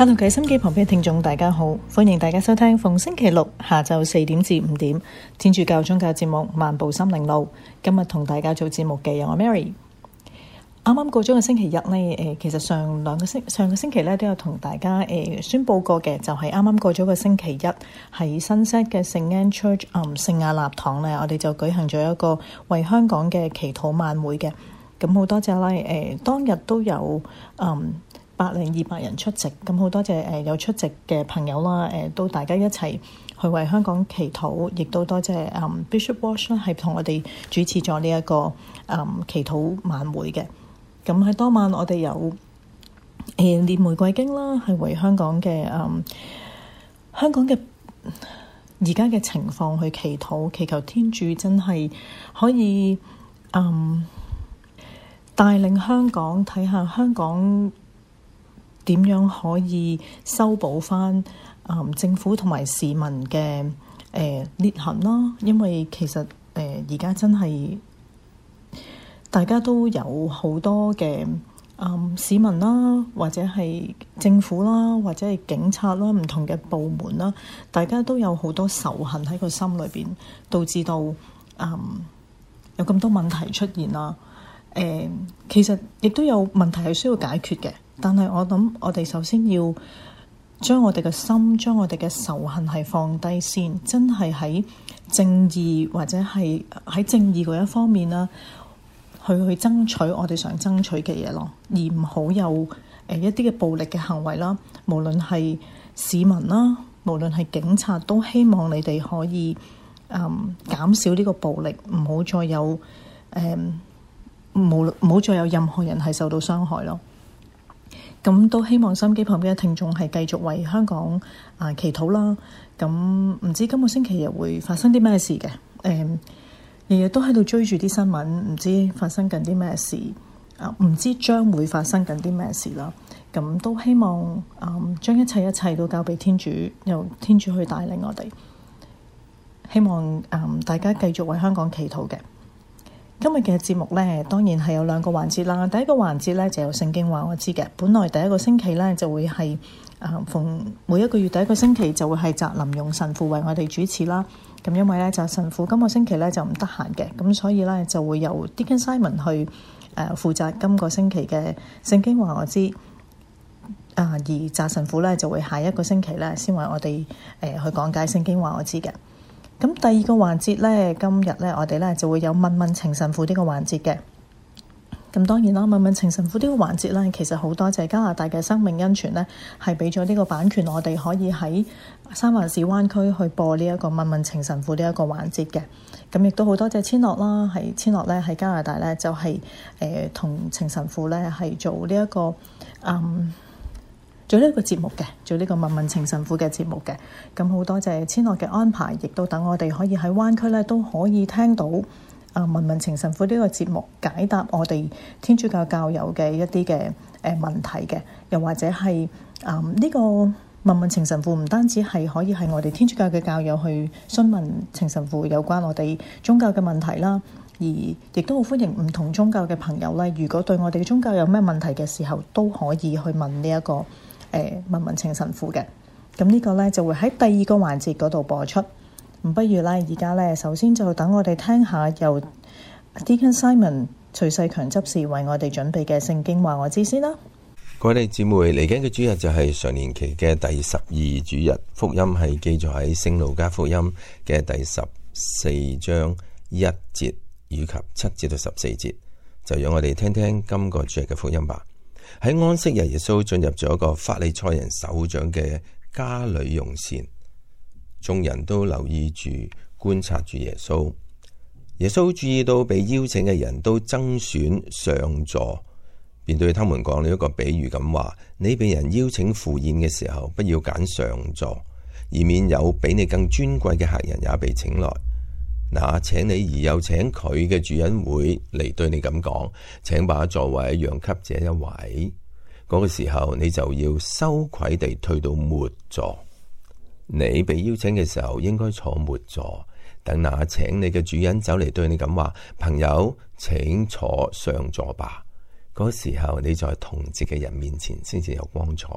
Hello，各位心機旁邊的聽眾大家好，歡迎大家收聽逢星期六下晝四點至五點天主教宗教節目《漫步心靈路》。今日同大家做節目嘅有我 Mary。啱啱過咗個星期日呢。其實上兩個星上個星期呢，都有同大家誒宣布過嘅，就係啱啱過咗個星期一喺新設嘅聖安 church，聖亞納堂呢，我哋就舉行咗一個為香港嘅祈禱晚會嘅。咁、嗯、好多謝啦，誒、嗯，當日都有嗯。百零二百人出席，咁好多謝誒有出席嘅朋友啦。誒，都大家一齊去為香港祈禱，亦都多謝 Bishop Walsh 咧，係同我哋主持咗呢一個祈禱晚會嘅。咁喺當晚，我哋有誒念玫瑰經啦，係為香港嘅香港嘅而家嘅情況去祈禱，祈求天主真係可以誒、嗯、帶領香港睇下香港，點樣可以修補返、嗯、政府同埋市民嘅裂痕啦，因為其實而家、呃、真係大家都有好多嘅、嗯、市民啦，或者係政府啦，或者係警察啦，唔同嘅部門啦，大家都有好多仇恨喺個心裏邊，導致到、嗯、有咁多問題出現啦。嗯、其實亦都有問題係需要解決嘅。但係，我諗我哋首先要將我哋嘅心，將我哋嘅仇恨係放低先。真係喺正義或者係喺正義嗰一方面啦，去去爭取我哋想爭取嘅嘢咯，而唔好有誒一啲嘅暴力嘅行為啦。無論係市民啦，無論係警察，都希望你哋可以誒、嗯、減少呢個暴力，唔好再有誒無論唔好再有任何人係受到傷害咯。咁都希望心機旁邊嘅聽眾係繼續為香港啊、呃、祈禱啦。咁、嗯、唔知今個星期日會發生啲咩事嘅？誒、嗯，日日都喺度追住啲新聞，唔知道發生緊啲咩事啊？唔、呃、知將會發生緊啲咩事啦？咁、嗯嗯、都希望啊，將、嗯、一切一切都交俾天主，由天主去帶領我哋。希望啊、嗯，大家繼續為香港祈禱嘅。今日嘅節目咧，當然係有兩個環節啦。第一個環節咧，就由聖經話我知嘅。本來第一個星期咧，就會係誒逢每一個月第一個星期就會係扎林用神父為我哋主持啦。咁、嗯、因為咧扎神父今個星期咧就唔得閒嘅，咁、嗯、所以咧就會由 Deacon Simon 去誒負、呃、責今個星期嘅聖經話我知。啊，而扎神父咧就會下一個星期咧先為我哋誒、呃、去講解聖經話我知嘅。咁第二個環節呢，今日呢，我哋呢就會有問問情神父呢個環節嘅。咁當然啦，問問情神父呢個環節呢，其實好多謝加拿大嘅生命恩泉呢，係俾咗呢個版權我哋可以喺三藩市灣區去播呢一個問問情神父呢一個環節嘅。咁亦都好多謝千樂啦，係千樂呢喺加拿大呢，就係誒同情神父呢係做呢一個嗯。做呢一個節目嘅，做呢個問問情神父嘅節目嘅，咁好多謝千樂嘅安排，亦都等我哋可以喺灣區呢都可以聽到啊問問情神父呢個節目，解答我哋天主教教友嘅一啲嘅誒問題嘅，又或者係啊呢個問問情神父唔單止係可以喺我哋天主教嘅教友去詢問情神父有關我哋宗教嘅問題啦，而亦都好歡迎唔同宗教嘅朋友呢。如果對我哋嘅宗教有咩問題嘅時候，都可以去問呢一個。誒，文文情神父嘅，咁、這個、呢個咧就會喺第二個環節嗰度播出。唔不如啦，而家咧，首先就等我哋聽下由 Deacon Simon 徐世強執事為我哋準備嘅聖經話我知先啦。各位弟兄姊妹，嚟緊嘅主日就係常年期嘅第十二主日，福音係記載喺聖路加福音嘅第十四章一節以及七節到十四節，就讓我哋聽聽今個主日嘅福音吧。喺安息日，耶穌進入咗一個法利賽人首長嘅家裏用膳，眾人都留意住觀察住耶穌。耶穌注意到被邀請嘅人都爭選上座，便對他們講了一個比喻咁話：你被人邀請赴宴嘅時候，不要揀上座，以免有比你更尊貴嘅客人也被請來。嗱，那請你而又請佢嘅主人會嚟對你咁講，請把座位讓給這一位。嗰個時候你就要羞愧地退到末座。你被邀請嘅時候應該坐末座，等那請你嘅主人走嚟對你咁話：朋友，請坐上座吧。嗰時候你在同席嘅人面前先至有光彩，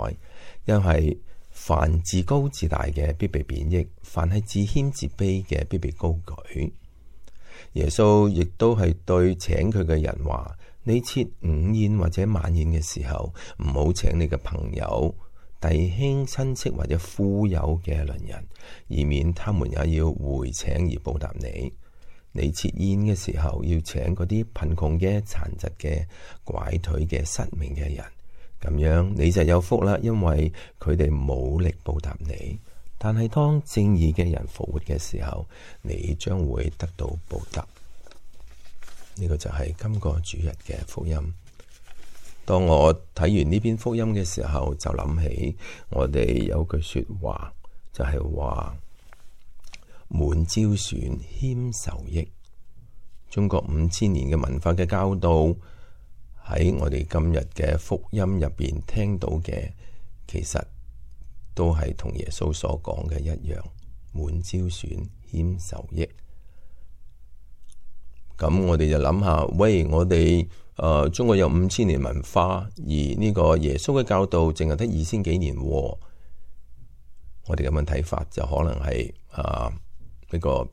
因為，凡自高自大嘅，必被貶抑；凡係自謙自卑嘅，必被高舉。耶穌亦都係對請佢嘅人話：你設午宴或者晚宴嘅時候，唔好請你嘅朋友、弟兄、親戚或者富有嘅鄰人，以免他們也要回請而報答你。你設宴嘅時候，要請嗰啲貧窮嘅、殘疾嘅、拐腿嘅、失明嘅人。咁樣你就有福啦，因為佢哋冇力報答你。但係當正義嘅人復活嘅時候，你將會得到報答。呢、這個就係今個主日嘅福音。當我睇完呢篇福音嘅時候，就諗起我哋有句說話，就係話滿招損，謙受益。中國五千年嘅文化嘅教導。喺我哋今日嘅福音入邊聽到嘅，其實都係同耶穌所講嘅一樣，滿招損，謙受益。咁我哋就諗下，喂，我哋誒、呃，中國有五千年文化，而呢個耶穌嘅教導淨係得二千幾年，我哋咁樣睇法就可能係啊呢個。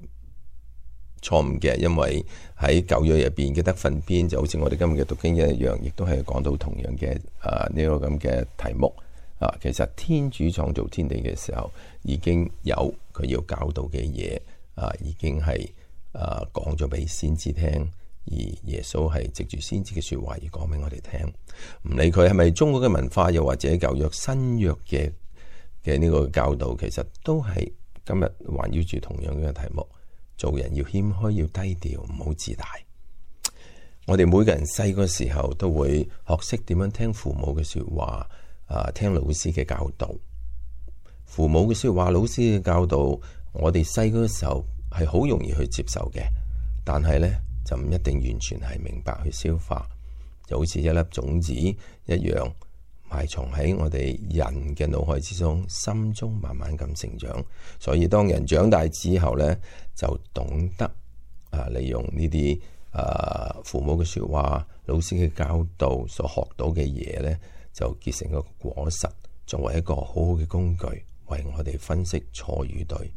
錯誤嘅，因為喺舊約入邊嘅德訓篇，就好似我哋今日嘅讀經一樣，亦都係講到同樣嘅啊呢個咁嘅題目啊。其實天主創造天地嘅時候，已經有佢要教導嘅嘢啊，已經係啊講咗俾先知聽，而耶穌係藉住先知嘅説話而講俾我哋聽。唔理佢係咪中國嘅文化，又或者舊約、新約嘅嘅呢個教導，其實都係今日環繞住同樣嘅題目。做人要謙虛，要低調，唔好自大。我哋每個人細個時候都會學識點樣聽父母嘅說話，啊，聽老師嘅教導。父母嘅說話、老師嘅教導，我哋細個嘅時候係好容易去接受嘅，但係呢就唔一定完全係明白去消化，就好似一粒種子一樣。埋藏喺我哋人嘅腦海之中，心中慢慢咁成長。所以當人長大之後咧，就懂得啊利用呢啲啊父母嘅說話、老師嘅教導所學到嘅嘢咧，就結成一個果實，作為一個好好嘅工具，為我哋分析錯與對，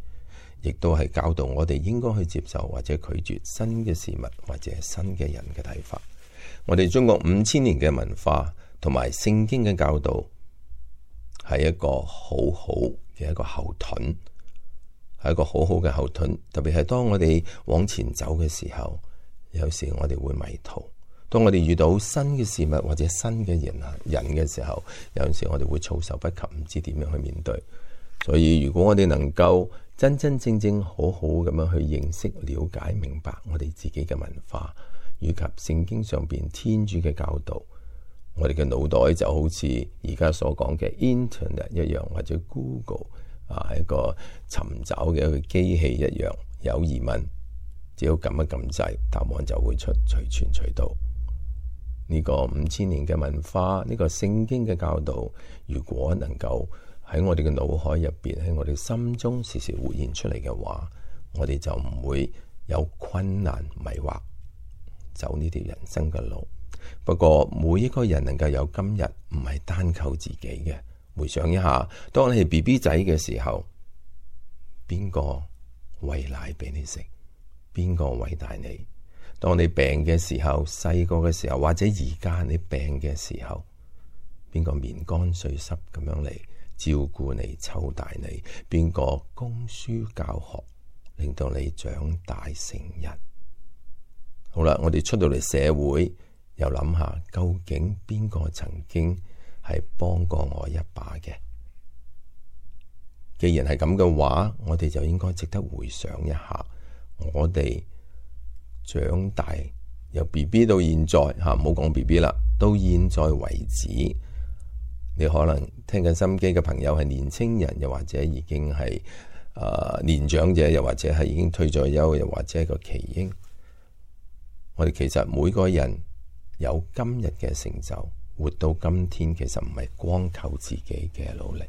亦都係教導我哋應該去接受或者拒絕新嘅事物或者新嘅人嘅睇法。我哋中國五千年嘅文化。同埋聖經嘅教導係一個好好嘅一個後盾，係一個好好嘅後盾。特別係當我哋往前走嘅時候，有時我哋會迷途。當我哋遇到新嘅事物或者新嘅人人嘅時候，有陣時我哋會措手不及，唔知點樣去面對。所以如果我哋能夠真真正正好好咁樣去認識、了解、明白我哋自己嘅文化，以及聖經上邊天主嘅教導。我哋嘅腦袋就好似而家所講嘅 Internet 一樣，或者 Google 啊，一個尋找嘅一個機器一樣，有疑問只要撳一撳掣，答案就會出，隨傳隨，隨，隨，隨，隨到。呢、這個五千年嘅文化，呢、這個聖經嘅教導，如果能夠喺我哋嘅腦海入邊，喺我哋心中時時活現出嚟嘅話，我哋就唔會有困難迷惑，走呢條人生嘅路。不過每一個人能夠有今日，唔係單靠自己嘅。回想一下，當你係 B B 仔嘅時候，邊個餵奶俾你食？邊個餵大你？當你病嘅時候，細個嘅時候，或者而家你病嘅時候，邊個面乾水濕咁樣嚟照顧你、湊大你？邊個供書教學，令到你長大成人？好啦，我哋出到嚟社會。又諗下，究竟邊個曾經係幫過我一把嘅？既然係咁嘅話，我哋就應該值得回想一下。我哋長大由 B B 到現在吓，唔好講 B B 啦，到現在為止，你可能聽緊心機嘅朋友係年青人，又或者已經係誒、呃、年長者，又或者係已經退咗休，又或者係個奇嬰。我哋其實每個人。有今日嘅成就，活到今天，其實唔係光靠自己嘅努力。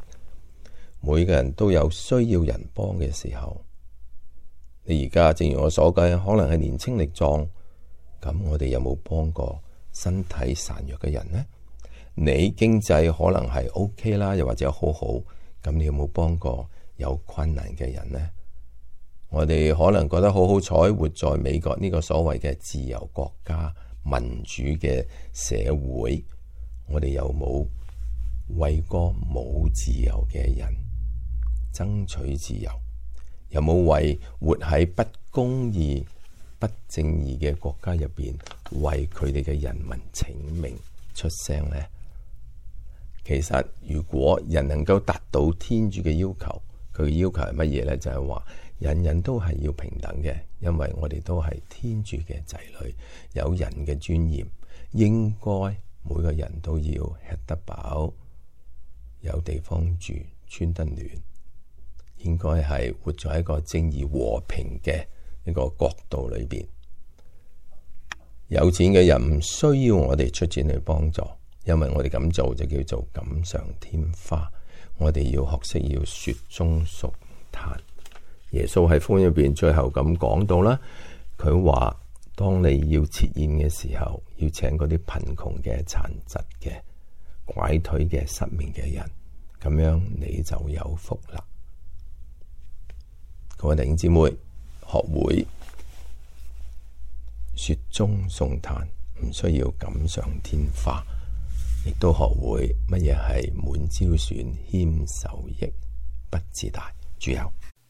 每個人都有需要人幫嘅時候。你而家，正如我所講，可能係年輕力壯，咁我哋有冇幫過身體孱弱嘅人呢？你經濟可能係 OK 啦，又或者好好，咁你有冇幫過有困難嘅人呢？我哋可能覺得好好彩，活在美國呢個所謂嘅自由國家，民主嘅社會，我哋有冇為個冇自由嘅人爭取自由？有冇為活喺不公義、不正義嘅國家入邊，為佢哋嘅人民請命出聲呢？其實，如果人能夠達到天主嘅要求，佢嘅要求係乜嘢呢？就係話，人人都係要平等嘅。因為我哋都係天主嘅仔女，有人嘅尊嚴，應該每個人都要吃得飽，有地方住，穿得暖，應該係活在一個正義和平嘅一個國度裏邊。有錢嘅人唔需要我哋出錢去幫助，因為我哋咁做就叫做錦上添花。我哋要學識要雪中送炭。耶穌喺福音入邊最後咁講到啦，佢話：當你要設宴嘅時候，要請嗰啲貧窮嘅、殘疾嘅、拐腿嘅、失明嘅人，咁樣你就有福啦。各位弟兄姊妹，學會雪中送炭，唔需要錦上添花，亦都學會乜嘢係滿招損，謙受益，不自大。最後。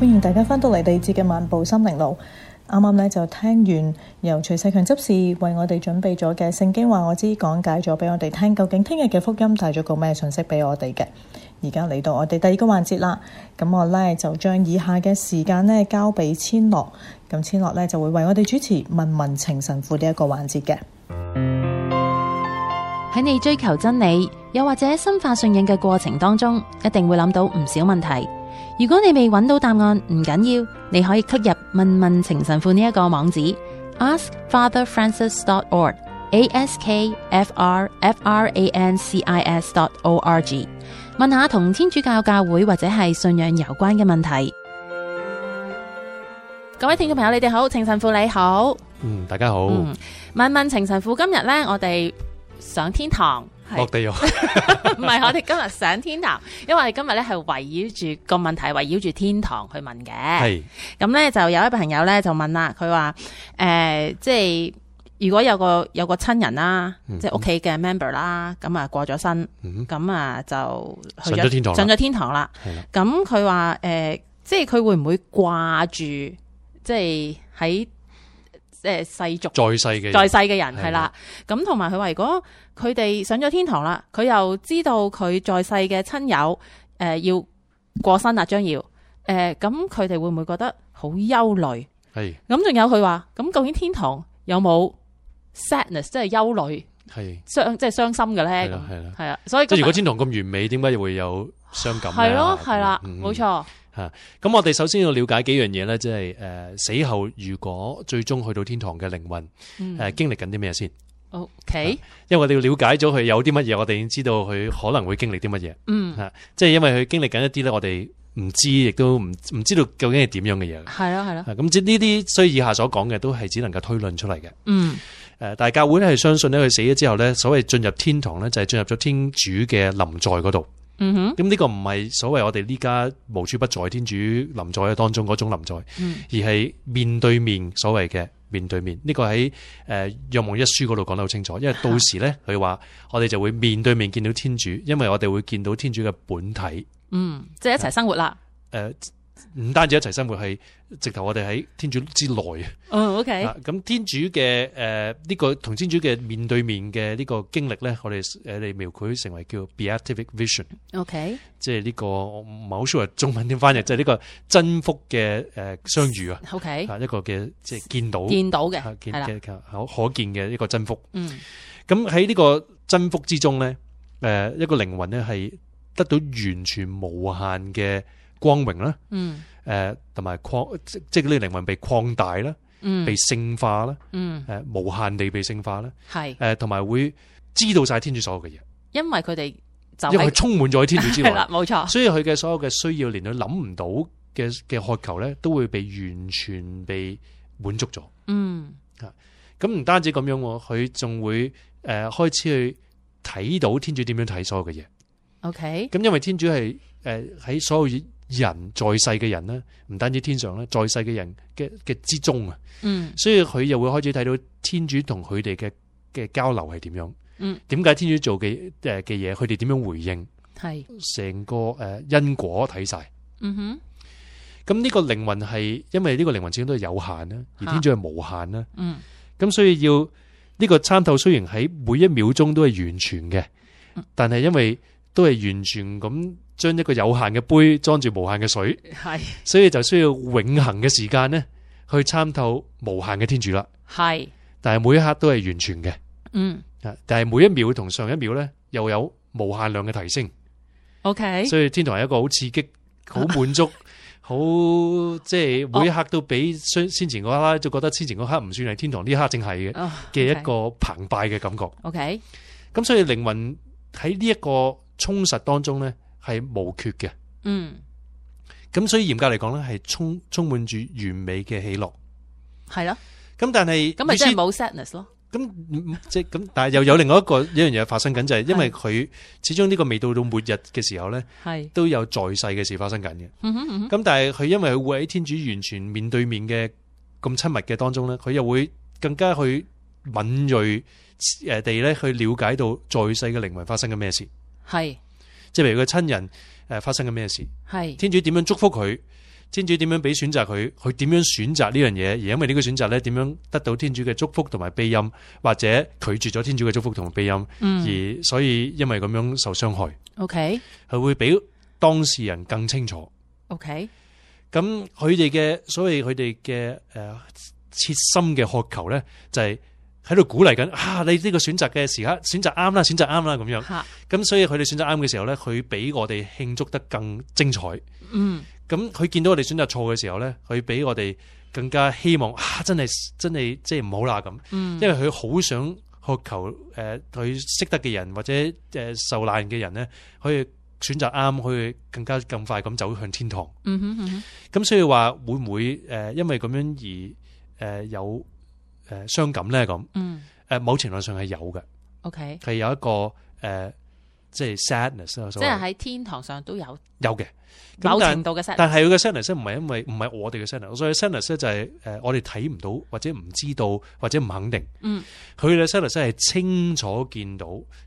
歡迎大家返到嚟第二節嘅漫步心靈路，啱啱咧就聽完由徐世強執事為我哋準備咗嘅《聖經話我知》講解咗俾我哋聽，究竟聽日嘅福音帶咗個咩信息俾我哋嘅？而家嚟到我哋第二個環節啦，咁我咧就將以下嘅時間呢交俾千樂，咁千樂咧就會為我哋主持問問情神父呢一、這個環節嘅。喺你追求真理，又或者深化信任嘅過程當中，一定會諗到唔少問題。如果你未揾到答案，唔緊要，你可以 click 入問問情神父呢一個網址 askfatherfrancis.org，askfrfrancis.org，問下同天主教教會或者係信仰有關嘅問題。各位聽眾朋友，你哋好，情神父你好，嗯，大家好，嗯。問問情神父，今日呢，我哋上天堂。是落地咯， 唔係我哋今日上天堂，因為我今日咧係圍繞住個問題，圍繞住天堂去問嘅。係咁咧，就有一朋友咧就問啦，佢話誒，即係如果有個有個親人啦，即係屋企嘅 member 啦，咁啊過咗身，咁啊、嗯、哼就去咗天堂，上咗天堂啦。咁佢話誒，即係佢會唔會掛住，即係喺？誒、呃、世俗在世嘅在世嘅人係啦，咁同埋佢話：如果佢哋上咗天堂啦，佢又知道佢在世嘅親友誒、呃、要過身啦，將要誒，咁佢哋會唔會覺得好憂慮？係的。咁仲有佢話：咁究竟天堂有冇 sadness，即係憂慮？係的。傷即係傷心嘅咧。係啦，係啦，係啊。所以即係如果天堂咁完美，點解會有傷感咧？係咯，係啦，冇、嗯、錯。吓，咁、嗯、我哋首先要了解幾樣嘢咧，即係誒死後如果最終去到天堂嘅靈魂，誒、嗯呃、經歷緊啲咩先？OK，因為我哋要了解咗佢有啲乜嘢，我哋已經知道佢可能會經歷啲乜嘢。嗯，吓、嗯，即、就、係、是、因為佢經歷緊一啲咧，我哋唔知，亦都唔唔知道究竟係點樣嘅嘢。係咯，係咯。咁即呢啲，雖以，以下所講嘅都係只能夠推論出嚟嘅。嗯，誒，但教會咧係相信咧，佢死咗之後咧，所謂進入天堂咧，就係、是、進入咗天主嘅臨在嗰度。咁呢、嗯、個唔係所謂我哋呢家無處不在天主臨在當中嗰種臨在，嗯、而係面對面所謂嘅面對面。呢、這個喺誒若望一書嗰度講得好清楚，因為到時咧佢話我哋就會面對面見到天主，因為我哋會見到天主嘅本體。嗯，即、就、係、是、一齊生活啦。誒。唔單止一齊生活，係直頭我哋喺天主之內。嗯、哦、，OK。咁天主嘅誒呢個同天主嘅面對面嘅呢個經歷咧，我哋誒描繪成為叫 beatific vision okay。OK，即係呢、我唔係好 sure 中文點翻譯，即係呢個真福嘅誒相遇 Okay 啊。OK，的一個嘅即係見到見到嘅，可見嘅一個真福。嗯，咁喺呢個真福之中咧，誒、呃、一個靈魂咧係得到完全無限嘅。光榮啦，誒、嗯，同埋擴即即呢啲靈魂被擴大啦，嗯、被聖化啦，誒、嗯呃，無限地被聖化啦，係誒是，同埋、呃、會知道晒天主所有嘅嘢，因為佢哋就佢、是、充滿咗喺天主之外，係啦 錯，冇錯，所以佢嘅所有嘅需要， 連佢諗唔到嘅嘅渴求咧，都會被完全被滿足咗。嗯，咁唔單止咁樣，佢仲會誒、呃、開始去睇到天主點樣睇所有嘅嘢。OK，咁因為天主係誒喺所有。人在世嘅人咧，唔單止天上咧，在世嘅人嘅嘅之中啊，嗯，所以佢又會開始睇到天主同佢哋嘅嘅交流係點樣，嗯，點解天主做嘅誒嘅嘢，佢哋點樣回應，係成是個誒、呃、因果睇晒，嗯哼，咁呢個靈魂係因為呢個靈魂始終都係有限啦，而天主係無限啦、啊，嗯，咁所以要呢、呢個參透，雖然喺每一秒鐘都係完全嘅，嗯、但係因為都係完全咁。將一個有限嘅杯裝住無限嘅水，係，所以就需要永恒嘅時間咧去參透無限嘅天主啦。係，但係每一刻都係完全嘅，嗯啊，但係每一秒同上一秒咧又有無限量嘅提升。OK，所以天堂係一個好刺激、好滿足、好即係每一刻都比先先前嗰刻就覺得先前嗰刻唔算係天堂，呢一刻正係嘅嘅一個澎湃嘅感覺。OK，咁所以靈魂喺呢一個充實當中咧。係無缺嘅，嗯，咁所以嚴格嚟講咧，係充充滿住完美嘅喜樂，係啦，咁但係咁咪即係冇 sadness 咯，咁即係咁，但係又有另外一個 一樣嘢發生緊，就係因為佢始終呢個未到到末日嘅時候咧，係的都有在世嘅事發生緊嘅，咁的但係佢因為佢會喺天主完全面對面嘅咁親密嘅當中咧，佢又會更加去敏銳誒地咧去了解到在世嘅靈魂發生緊咩事，係。即係譬如個親人誒發生緊咩事，天主點樣祝福佢？天主點樣俾選擇佢？佢點樣選擇呢樣嘢？而因為呢個選擇咧，點樣得到天主嘅祝福同埋悲音，或者拒絕咗天主嘅祝福同埋悲音？嗯，而所以因為咁樣受傷害。OK，佢、嗯、會比當事人更清楚。OK，咁佢哋嘅所謂佢哋嘅誒切心嘅渴求咧就係、是。喺度鼓勵緊，吓、啊、你呢個選擇嘅時刻選擇啱啦，選擇啱啦咁樣。咁、啊、所以佢哋選擇啱嘅時候咧，佢比我哋慶祝得更精彩。嗯，咁佢見到我哋選擇錯嘅時候咧，佢比我哋更加希望啊，真係真係即係唔好啦咁。嗯、因為佢好想渴求誒，佢、呃、識得嘅人或者誒受難嘅人咧，可以選擇啱，可以更加咁快咁走向天堂。嗯哼嗯哼，咁所以話會唔會誒、呃，因為咁樣而誒、呃、有？誒，傷感咧咁，誒，某程度上係有嘅，OK，係有一個誒、呃，即係 sadness，我所謂嘅，即係喺天堂上都有，有嘅，某程度嘅 sadness，但係佢嘅 sadness 唔係因為唔係我哋嘅 sadness，所以 sadness 就係誒，我哋睇唔到或者唔知道或者唔肯定，嗯，佢嘅 sadness 係清楚見到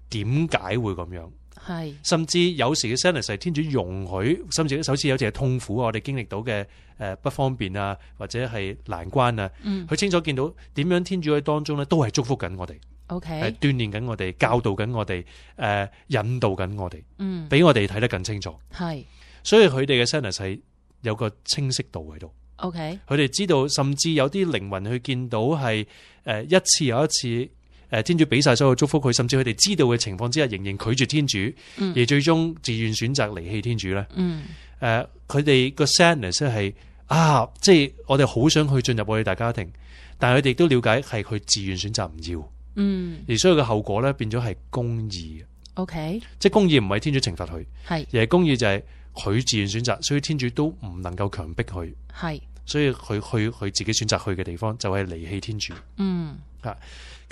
點解會咁樣。係是，甚至有時嘅 sense 係天主容許，甚至首先有時係痛苦，我哋經歷到嘅誒不方便啊，或者係難關啊，佢、嗯、清楚見到點樣天主喺當中咧，都係祝福緊我哋，係鍛煉緊我哋，教導緊我哋，誒、呃、引導緊我哋，嗯，俾我哋睇得更清楚。係是，所以佢哋嘅 sense 係有個清晰度喺度。OK，佢哋知道，甚至有啲靈魂去見到係誒一次又一次。誒，天主俾晒所有祝福佢，甚至佢哋知道嘅情況之下，仍然拒絕天主，嗯、而最終自願選擇離棄天主咧。誒、嗯，佢哋個 sadness 係啊，即、就、係、是、我哋好想去進入我哋大家庭，但係佢哋亦都了解係佢自願選擇唔要，嗯，而所有嘅後果咧變咗係公義嘅。O okay , K，即係公義唔係天主懲罰佢，係是而係公義就係佢自願選擇，所以天主都唔能夠強迫佢，係是，所以佢去佢自己選擇去嘅地方就係離棄天主。嗯，吓、啊。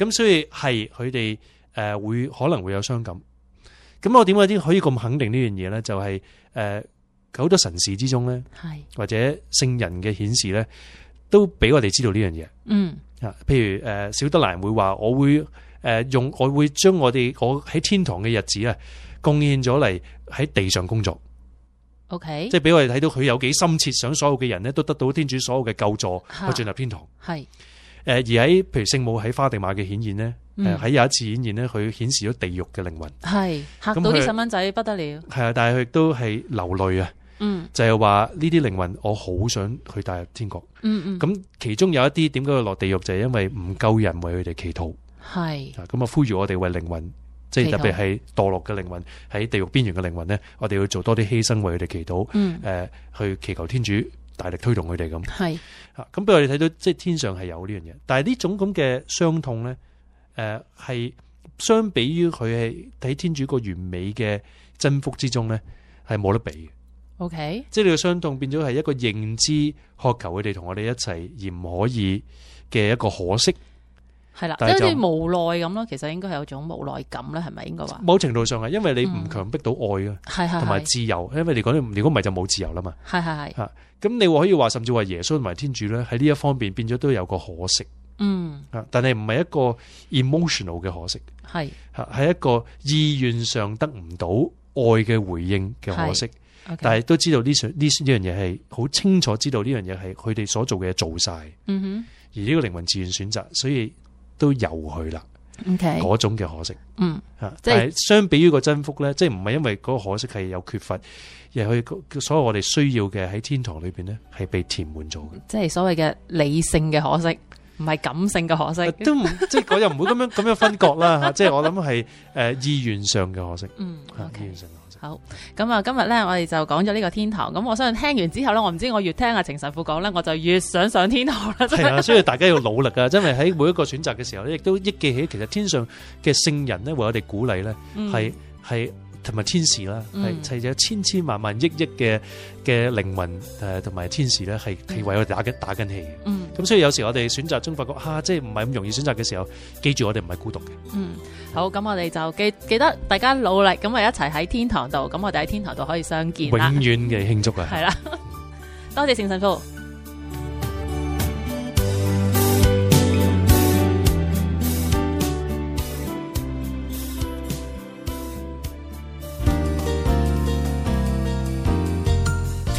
咁所以係佢哋誒會可能會有傷感。咁我點解先可以咁肯定這件事呢樣嘢咧？就係、是、誒，好、呃、多神事之中咧，是或者聖人嘅顯示咧，都俾我哋知道呢樣嘢。嗯，啊，譬如誒，小德蘭會話，我會誒用，我會將我哋我喺天堂嘅日子啊，貢獻咗嚟喺地上工作。O Okay K，即係俾我哋睇到佢有幾深切想所有嘅人咧，都得到天主所有嘅救助去進入天堂。係。誒，而喺譬如聖母喺花地瑪嘅顯現呢，喺、嗯、有一次顯現呢，佢顯示咗地獄嘅靈魂，係嚇到啲細蚊仔不得了。係啊，但係佢亦都係流淚啊。嗯，就係話呢啲靈魂，我好想去帶入天國。嗯嗯。咁、嗯、其中有一啲點解會落地獄，就係、是、因為唔夠人為佢哋祈禱。係是。咁啊，呼籲我哋為靈魂，即係特別係墮落嘅靈魂，喺地獄邊緣嘅靈魂呢，我哋要做多啲犧牲為，為佢哋祈禱。誒、呃，去祈求天主。大力推動佢哋咁，係吓咁，俾、嗯、我哋睇到即係天上係有呢樣嘢，但係呢種咁嘅傷痛咧，誒、呃、係相比於佢係睇天主個完美嘅征服之中咧，係冇得比嘅。O Okay . K，即係你嘅傷痛變咗係一個認知渴求佢哋同我哋一齊而唔可以嘅一個可惜。係啦，即係啲無奈咁咯。其實應該係有種無奈感啦，係咪應該話？某程度上係，因為你唔強迫到愛嘅，係同埋自由。是是是因為你講，如果唔係就冇自由啦嘛。係係係。咁你話可以話，甚至話耶穌同埋天主咧喺呢一方面變咗都有個可惜。嗯。但係唔係一個 emotional 嘅可惜，係係是一個意願上得唔到愛嘅回應嘅可惜。Okay，但係都知道呢呢樣嘢，係好清楚知道呢樣嘢係佢哋所做嘅嘢做晒。嗯哼。而呢個靈魂自願選擇，所以。都游去啦，嗰 Okay 種嘅可惜，嗯，吓即係相比於個真福咧，即係唔係因為嗰個可惜係有缺乏，而係佢所有我哋需要嘅喺天堂裏邊咧係被填滿咗嘅，即係、嗯就是、所謂嘅理性嘅可惜，唔係感性嘅可惜，都唔即係、就是、我又唔會咁樣咁樣分割啦吓，即係 我諗係誒意願上嘅可惜，嗯，okay 意好咁啊！今日咧，我哋就講咗呢個天堂。咁我相信聽完之後咧，我唔知我越聽阿程神父講咧，我就越想上天堂啦。係啊，所以大家要努力啊！因為喺每一個選擇嘅時候咧， 亦都憶記起其實天上嘅聖人咧，為我哋鼓勵咧，係係、嗯。同埋天使啦，係齊咗千千萬萬億億嘅嘅靈魂誒，同埋天使咧，係係為我哋打緊打緊氣嘅。咁、嗯嗯、所以有時候我哋選擇中發覺吓，即係唔係咁容易選擇嘅時候，記住我哋唔係孤獨嘅。嗯，好，咁我哋就記記得大家努力，咁咪一齊喺天堂度，咁我哋喺天堂度可以相見，永遠嘅慶祝啊！係啦，多謝聖神父。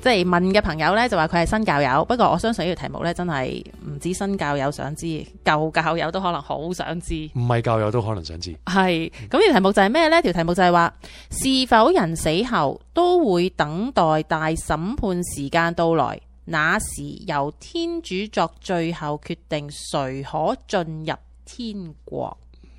即係問嘅朋友呢，就話佢係新教友，不過我相信呢條題目呢，真係唔止新教友想知，舊教友都可能好想知，唔係教友都可能想知。係咁，呢條題目就係咩呢？條題目就係、是、話，是否人死後都會等待大審判時間到來？那時由天主作最後決定，誰可進入天國？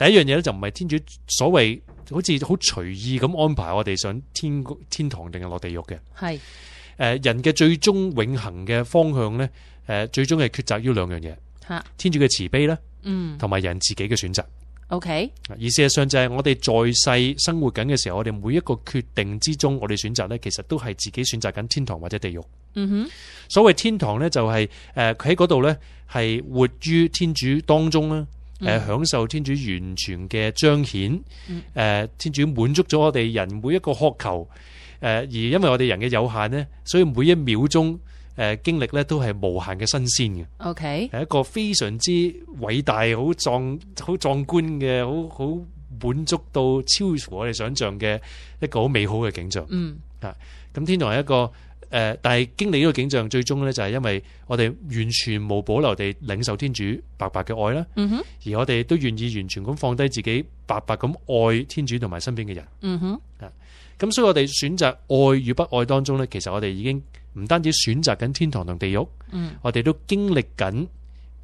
第一樣嘢咧就唔係天主所謂，好似好隨意咁安排我哋上天天堂定係落地獄嘅。係，誒人嘅最終永恒嘅方向咧，誒最終係抉擇於兩樣嘢。吓，天主嘅慈悲啦，嗯，同埋人自己嘅選擇。O K，而事實上就係我哋在世生活緊嘅時候，我哋每一個決定之中，我哋選擇咧，其實都係自己選擇緊天堂或者地獄。嗯哼，所謂天堂咧，就係誒佢喺嗰度咧係活於天主當中啦。誒，嗯、享受天主完全嘅彰顯，誒、嗯呃，天主滿足咗我哋人每一個渴求，誒、呃，而因為我哋人嘅有限呢所以每一秒鐘誒、呃、經歷咧都係無限嘅新鮮嘅。OK，係一個非常之偉大、好壯、好壯觀嘅，好好滿足到超乎我哋想象嘅一個好美好嘅景象。嗯，咁、啊、天堂係一個。誒，但係經歷呢個景象，最終呢就係因為我哋完全冇保留地領受天主白白嘅愛啦，嗯哼，而我哋都願意完全咁放低自己，白白咁愛天主同埋身邊嘅人。嗯哼，咁所以我哋選擇愛與不愛當中呢，其實我哋已經唔單止選擇緊天堂同地獄，嗯、我哋都經歷緊。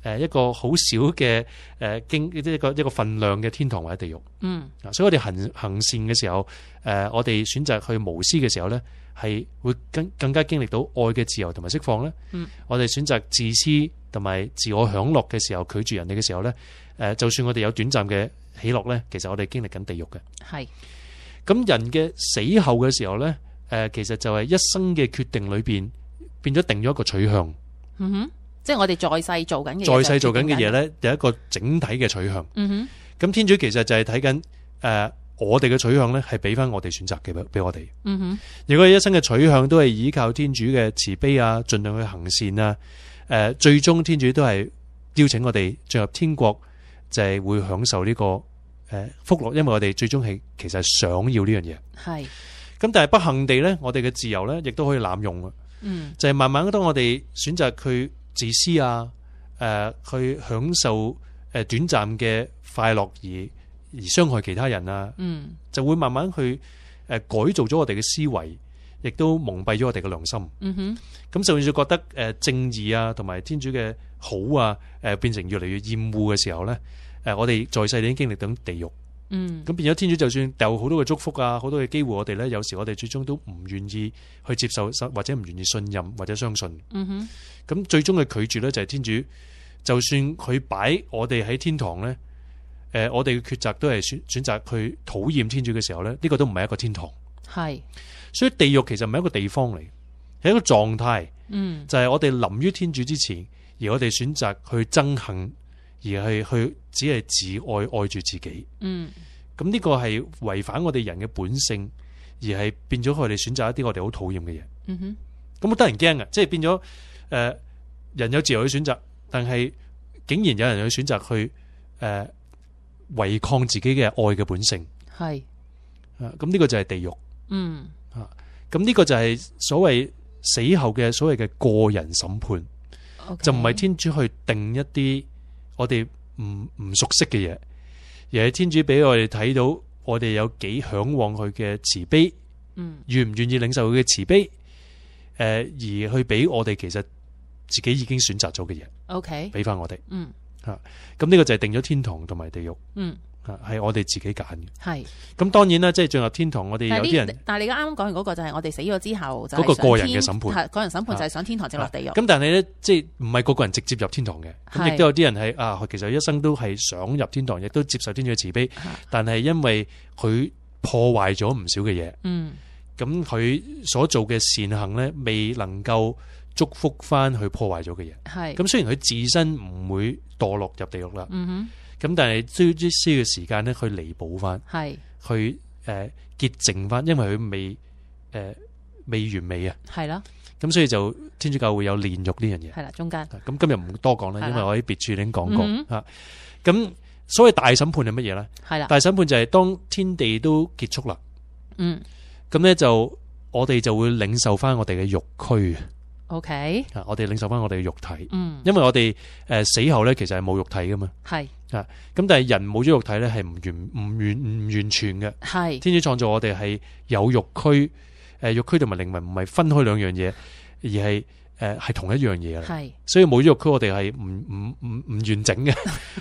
誒，一個好少嘅，誒經即一個一個份量嘅天堂或者地獄。嗯，所以我哋行行善嘅時候，誒，我哋選擇去無私嘅時候咧，係會更更加經歷到愛嘅自由同埋釋放咧。嗯，我哋選擇自私同埋自我享樂嘅時候，拒絕人哋嘅時候咧，誒，就算我哋有短暫嘅喜樂咧，其實我哋經歷緊地獄嘅。係，咁人嘅死後嘅時候咧，誒，其實就係一生嘅決定裏邊變咗定咗一個取向。嗯哼。即係我哋在世做緊嘅、就是，在世做緊嘅嘢咧，有一個整體嘅取向。咁、嗯、哼天主其實就係睇緊，誒、呃，我哋嘅取向咧，係俾翻我哋選擇嘅，俾我哋。如果、嗯、哼一生嘅取向都係依靠天主嘅慈悲啊，盡量去行善啊，誒、呃，最終天主都係邀請我哋進入天國，就係會享受呢、這個誒、呃、福樂，因為我哋最終係其實係想要呢樣嘢。係是。咁但係不幸地咧，我哋嘅自由咧，亦都可以濫用啊。嗯。就係慢慢當我哋選擇佢，自私啊，誒、呃，去享受誒短暫嘅快樂而而傷害其他人啊，嗯，就會慢慢去誒改造咗我哋嘅思維，亦都蒙蔽咗我哋嘅良心，嗯哼，咁就會覺得誒正義啊，同埋天主嘅好啊，誒、呃、變成越嚟越厭惡嘅時候咧，誒、呃、我哋在世已經經歷到地獄。嗯，咁變咗天主就算有好多嘅祝福啊，好多嘅機會我呢，我哋咧有時我哋最終都唔願意去接受，或者唔願意信任或者相信。嗯哼，咁最終嘅拒絕咧就係天主，就算佢擺我哋喺天堂咧，誒，我哋嘅抉擇都係選選擇去討厭天主嘅時候咧，呢個都唔係一個天堂。係是，所以地獄其實唔係一個地方嚟，係一個狀態。嗯，就係我哋臨於天主之前，而我哋選擇去憎恨。而係去只係自愛，愛住自己，嗯，咁呢個係違反我哋人嘅本性，而係變咗佢哋選擇一啲我哋好討厭嘅嘢，嗯哼，咁我得人驚嘅，即係變咗，誒、呃，人有自由去選擇，但係竟然有人去選擇去，誒、呃，違抗自己嘅愛嘅本性，係是，啊，咁呢個就係地獄，嗯，啊，咁呢個就係所謂死後嘅所謂嘅個人審判，Okay 就唔係天主去定一啲。我哋唔唔熟悉嘅嘢，而係天主俾我哋睇到，我哋有幾向往佢嘅慈悲，嗯，願唔願意領受佢嘅慈悲？誒、呃，而去俾我哋其實自己已經選擇咗嘅嘢，OK，俾翻我哋，嗯吓、啊，咁呢個就係定咗天堂同埋地獄，嗯。係我哋自己揀嘅，係咁。是當然啦，即係進入天堂，我哋有啲人。但係你啱啱講完嗰個就係我哋死咗之後嗰個個人嘅審判，個人審判就係上天堂，進落地獄。咁但係咧，即係唔係個個人直接入天堂嘅，咁亦都有啲人係啊，其實一生都係想入天堂，亦都接受天主嘅慈悲，是但係因為佢破壞咗唔少嘅嘢，嗯，咁佢所做嘅善行咧，未能夠祝福翻佢破壞咗嘅嘢，係咁。是雖然佢自身唔會墮落入地獄啦，嗯哼。咁但係 g 都需要時間咧去彌補翻，係的去誒潔淨翻，因為佢未誒、呃、未完美啊，係咯的。咁所以就天主教會有煉獄呢樣嘢，係啦，中間。咁今日唔多講啦，的因為我喺別處已經講過吓。咁的、嗯、哼所謂大審判係乜嘢咧？係啦的，大審判就係當天地都結束啦。嗯，咁咧就我哋就會領受翻我哋嘅肉軀。O K，啊，我哋領受翻我哋嘅肉體，嗯，因為我哋誒死後咧，其實係冇肉體噶嘛，係啊，咁但係人冇咗肉體咧，係唔完唔完唔完全嘅，係天主創造我哋係有肉軀，誒肉軀同埋靈魂唔係分開兩樣嘢，而係誒係同一樣嘢，係所以冇咗肉軀，我哋係唔唔唔唔完整嘅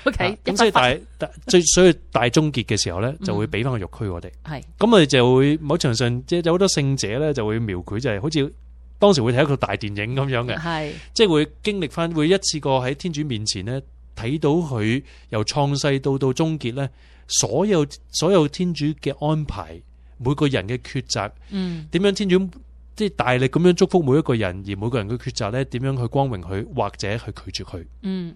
，O K，咁所以大大最所以大終結嘅時候咧，就會俾翻個肉軀我哋，係，咁我哋就會某程度上即係有好多聖者咧，就會描繪就係好似。當時會睇一套大電影咁樣嘅，是即係會經歷翻，會一次過喺天主面前咧，睇到佢由創世到到終結咧，所有所有天主嘅安排，每個人嘅抉擇，嗯，點樣天主即係大力咁樣祝福每一個人，而每個人嘅抉擇咧，點樣去光榮佢，或者去拒絕佢，嗯，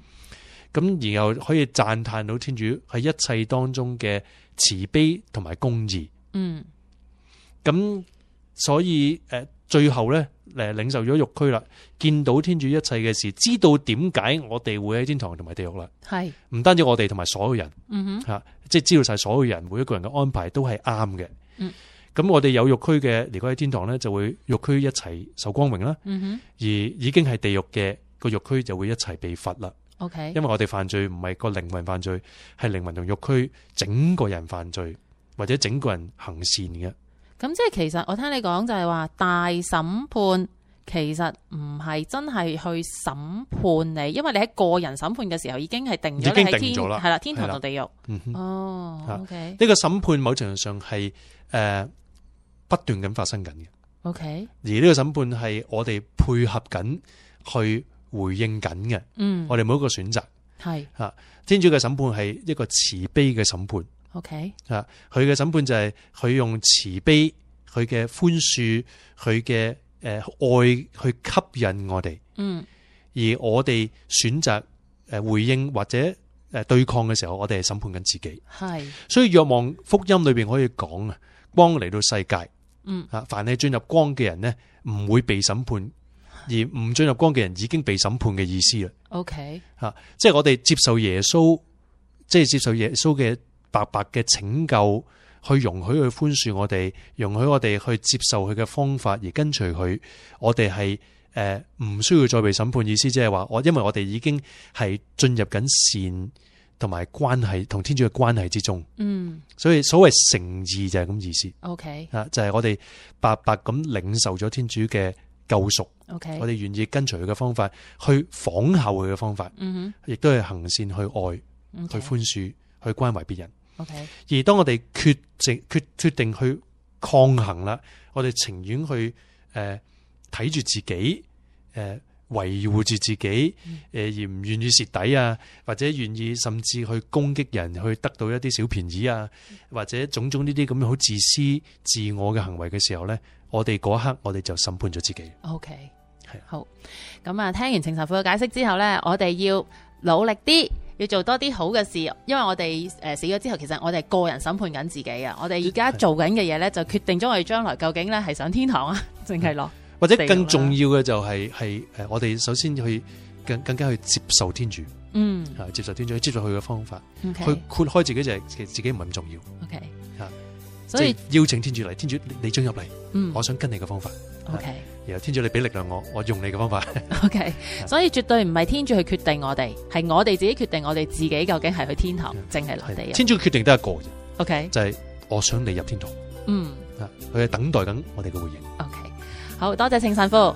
咁然後可以讚嘆到天主喺一切當中嘅慈悲同埋公義，嗯，咁所以誒。呃最後咧，誒，領受咗肉軀啦，見到天主一切嘅事，知道點解我哋會喺天堂同埋地獄啦。係是，唔單止我哋同埋所有人，吓、嗯哼啊，即係知道晒所有人每一個人嘅安排都係啱嘅。咁、嗯、我哋有肉軀嘅，如果喺天堂咧，就會肉軀一齊受光榮啦。嗯、哼而已經係地獄嘅個肉軀就會一齊被罰啦。O Okay K，因為我哋犯罪唔係個靈魂犯罪，係靈魂同肉軀整個人犯罪或者整個人行善嘅。咁即係其實我聽你講就係話大審判其實唔係真係去審判你，因為你喺個人審判嘅時候已經係定咗，已經定咗啦，係啦，天堂同地獄。嗯、哼哦，呢 Okay 個審判某程度上係誒不斷咁發生緊嘅。O Okay K，而呢個審判係我哋配合緊去回應緊嘅。嗯，我哋每一個選擇係啊，是天主嘅審判係一個慈悲嘅審判。OK，啊，佢嘅審判就係佢用慈悲，佢嘅寬恕，佢嘅誒愛去吸引我哋，嗯，而我哋選擇誒回應或者誒對抗嘅時候，我哋係審判緊自己，係，所以若望福音裏邊可以講啊，光嚟到世界，嗯，啊，凡係進入光嘅人咧，唔會被審判，而唔進入光嘅人已經被審判嘅意思啦。OK，啊，即係我哋接受耶穌，即係接受耶穌嘅。白白嘅拯救，去容許佢去寬恕我哋，容許我哋去接受佢嘅方法，而跟隨佢。我哋係誒唔需要再被審判，意思即係話我，因為我哋已經係進入緊善同埋關係，同天主嘅關係之中。嗯，所以所謂誠意就係咁意思。OK，吓就係我哋白白咁領受咗天主嘅救贖。OK，我哋願意跟隨佢嘅方法，去仿效佢嘅方法。嗯哼，亦都係行善去愛，去寬恕，okay，去關懷別人。而當我哋決定決決定去抗衡啦，我哋情願去誒睇住自己，誒維護住自己，誒、呃、而唔願意蝕底啊，或者願意甚至去攻擊人，去得到一啲小便宜啊，或者種種呢啲咁樣好自私自我嘅行為嘅時候呢，我哋嗰刻我哋就審判咗自己。OK，係是好。咁啊，聽完情神父嘅解釋之後呢，我哋要努力啲。要做多啲好嘅事，因為我哋誒死咗之後，其實我哋係個人審判緊自己。我哋而家做緊嘅嘢咧，就決定咗我哋將來究竟咧係上天堂啊，定係落，或者更重要嘅就係係誒，我哋首先去更更加去接受天主，嗯，接受天主，接受佢嘅方法，去 Okay. 豁開自己，就其實自己唔係咁重要。Okay. 所以邀請天主嚟，天主你進入嚟，嗯，我想跟你嘅方法，OK，然後天主你俾力量我，我用你嘅方法，OK，是所以絕對唔係天主去決定我哋，係我哋自己決定我哋自己究竟係去天堂，定係落地？天主嘅決定得一個啫。OK，就係我想你入天堂，嗯，佢係等待緊我哋嘅回應，OK，好多謝聖神父。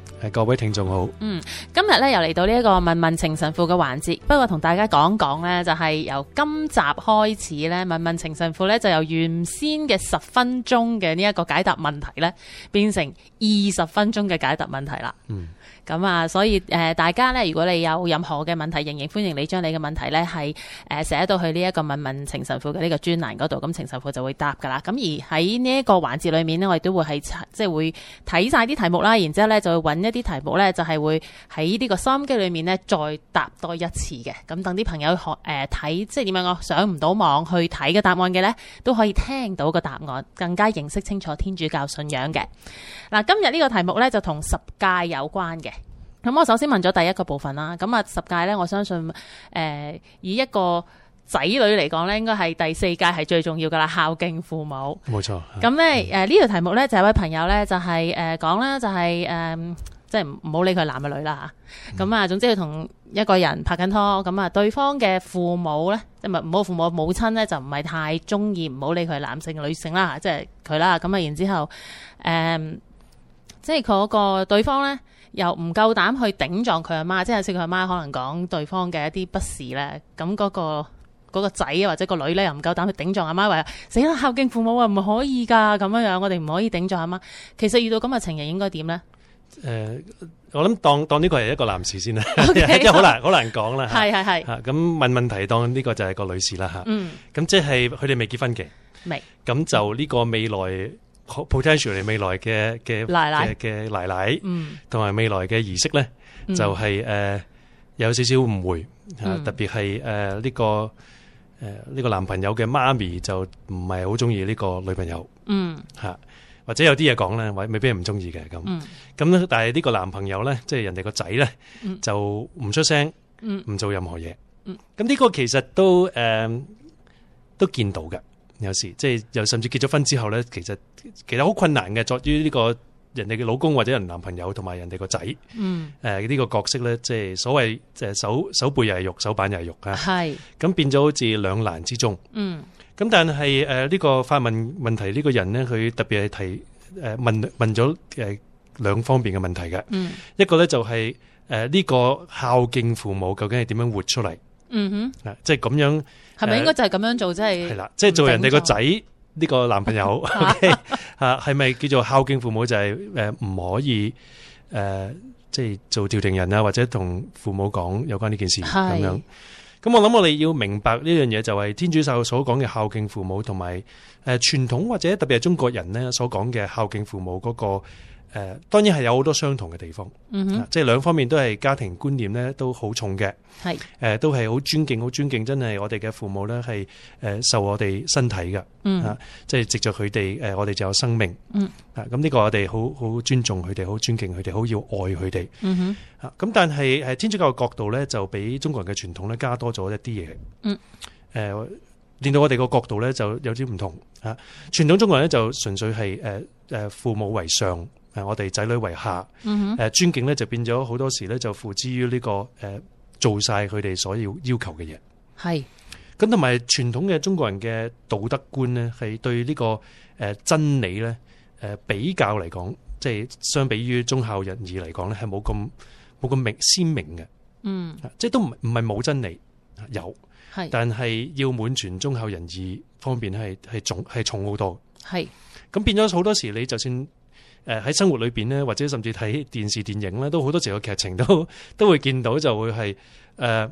係各位聽眾好，嗯，今日咧又嚟到呢一個問問情神父嘅環節，不過同大家講講咧，就係由今集開始咧問問情神父咧就由原先嘅十分鐘嘅呢一個解答問題咧，變成二十分鐘嘅解答問題啦。嗯。咁啊、嗯，所以誒、呃、大家咧，如果你有任何嘅問題，仍然歡迎你將你嘅問題咧，係誒寫到去呢、這、一個問問情神父嘅呢個專欄嗰度，咁、嗯、情神父就會答噶啦。咁而喺呢一個環節裏面咧，我亦都會係即係會睇晒啲題目啦，然之後咧就會揾一啲題目咧，就係、是、會喺呢個收音機裏面咧再答多一次嘅。咁等啲朋友學誒睇、呃，即係點樣？我上唔到網去睇嘅答案嘅咧，都可以聽到個答案，更加認識清楚天主教信仰嘅。嗱、嗯，今日呢個題目咧就同十戒有關嘅。咁我首先問咗第一個部分啦，咁啊十屆咧，我相信誒、呃、以一個仔女嚟講咧，應該係第四屆係最重要噶啦，孝敬父母。冇錯。咁咧誒呢條題目咧，就有位朋友咧，就係誒講啦，呃、就係、是、誒、呃、即係唔好理佢男嘅女啦嚇，咁啊，總之佢同一個人拍緊拖，咁啊、嗯、對方嘅父母咧、就是就是呃，即係唔好父母母親咧，就唔係太中意，唔好理佢男性女性啦，即係佢啦。咁啊然之後即係嗰個對方咧。又唔夠膽去頂撞佢阿媽，即係似佢阿媽可能講對方嘅一啲不是咧，咁、嗰、嗰個嗰、嗰個仔或者個女咧又唔夠膽去頂撞阿媽，話死日孝敬父母啊，唔可以噶咁樣樣，我哋唔可以頂撞阿媽。其實遇到咁嘅情形應該點咧？誒、呃，我諗當當呢個係一個男士先啦，即係好難好難講啦。係係係。吓，咁問問題當呢個就係個女士啦吓。嗯。咁即係佢哋未結婚嘅。咁未就呢個未來。potential 你未來嘅嘅嘅奶奶，嗯，同埋未來嘅兒媳咧，就係、是、誒、嗯、有少少誤會吓，嗯、特別係誒呢個誒呢、呃這個男朋友嘅媽咪就唔係好中意呢個女朋友，嗯吓，或者有啲嘢講咧，或者未必係唔中意嘅咁，咁、嗯、但係呢個男朋友咧，即係人哋個仔咧，就唔、是嗯、出聲，唔、嗯、做任何嘢，嗯，咁呢個其實都誒、呃、都見到嘅。有時即係又甚至結咗婚之後咧，其實其實好困難嘅，作於呢個人哋嘅老公或者人男朋友同埋人哋個仔，嗯、呃，誒、這、呢個角色咧，即係所謂手手背又係肉，手板又係肉啊，係咁是 變咗好似兩難之中，嗯，咁但係誒呢個發問問題呢個人咧，佢特別係提誒問問咗誒兩方面嘅問題嘅，嗯，一個咧就係誒呢個孝敬父母究竟係點樣活出嚟？嗯哼，嗱，即係咁樣，係咪應該就係咁樣做？呃、即係係啦，即係做人哋個仔呢個男朋友，啊，係咪叫做孝敬父母？就係誒，唔可以誒，即係做調停人啊，或者同父母講有關呢件事咁樣。咁我諗我哋要明白呢樣嘢，就係天主教所講嘅孝敬父母，同埋誒傳統或者特別係中國人咧所講嘅孝敬父母嗰、嗰個。誒，當然係有好多相同嘅地方，嗯哼，即係兩方面都係家庭觀念咧都好重嘅，係是，誒都係好尊敬，好尊敬，真係我哋嘅父母咧係誒受我哋身體噶，嗯，啊，即係藉着佢哋，誒我哋就有生命，嗯，咁呢個我哋好好尊重佢哋，好尊敬佢哋，好要愛佢哋，嗯哼，咁但係天主教嘅角度咧就比中國人嘅傳統咧加多咗一啲嘢，嗯，誒，令到我哋個角度咧就有啲唔同，啊，傳統中國人咧就純粹係誒誒父母為上。誒，我哋仔女為下，誒、嗯、哼尊敬咧就變咗好多時咧、這個，就付之於呢個誒做晒佢哋所要要求嘅嘢。係是，咁同埋傳統嘅中國人嘅道德觀咧，係對呢個誒真理咧，誒比較嚟講，即、就、係、是、相比於忠孝仁義嚟講咧，係冇咁冇咁明鮮明嘅。嗯，即係都唔唔係冇真理，有，係是，但係要滿全忠孝仁義方面咧，係係重係重好多。係是，咁變咗好多時，你就算。誒，喺生活裏邊咧，或者甚至睇電視電影咧，都好多時個劇情都都會見到，就會係誒、呃，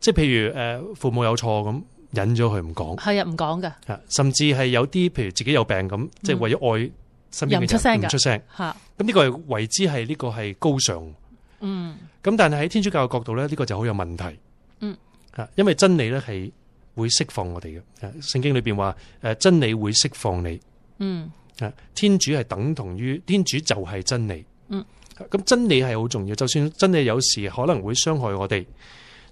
即係譬如誒，父母有錯咁，忍咗佢唔講，係啊，唔講嘅，甚至係有啲譬如自己有病咁，即係為咗愛身邊，又唔、嗯、出聲出聲吓。咁呢的個係為之係呢、這個係高尚，嗯。咁但係喺天主教嘅角度咧，呢、這個就好有問題，嗯。吓，因為真理咧係會釋放我哋嘅，聖經裏邊話誒，真理會釋放你，嗯。天主係等同於天主就係真理，嗯，咁真理係好重要。就算真理有時可能會傷害我哋，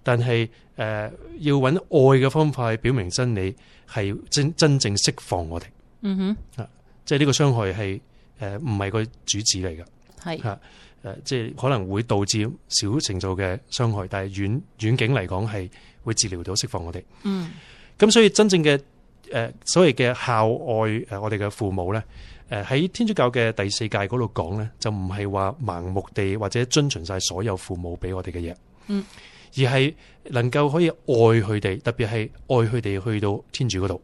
但係誒、呃、要揾愛嘅方法去表明真理，係真真正釋放我哋。嗯哼，啊，即係呢個傷害係誒唔係個主旨嚟㗎，係吓誒，即係可能會導致小程度嘅傷害，但係遠遠景嚟講係會治療到釋放我哋。嗯，咁、啊、所以真正嘅。誒，所謂嘅孝愛誒，我哋嘅父母咧，誒喺天主教嘅第四誡嗰度講咧，就唔係話盲目地或者遵循晒所有父母俾我哋嘅嘢，嗯，而係能夠可以愛佢哋，特別係愛佢哋去到天主嗰度，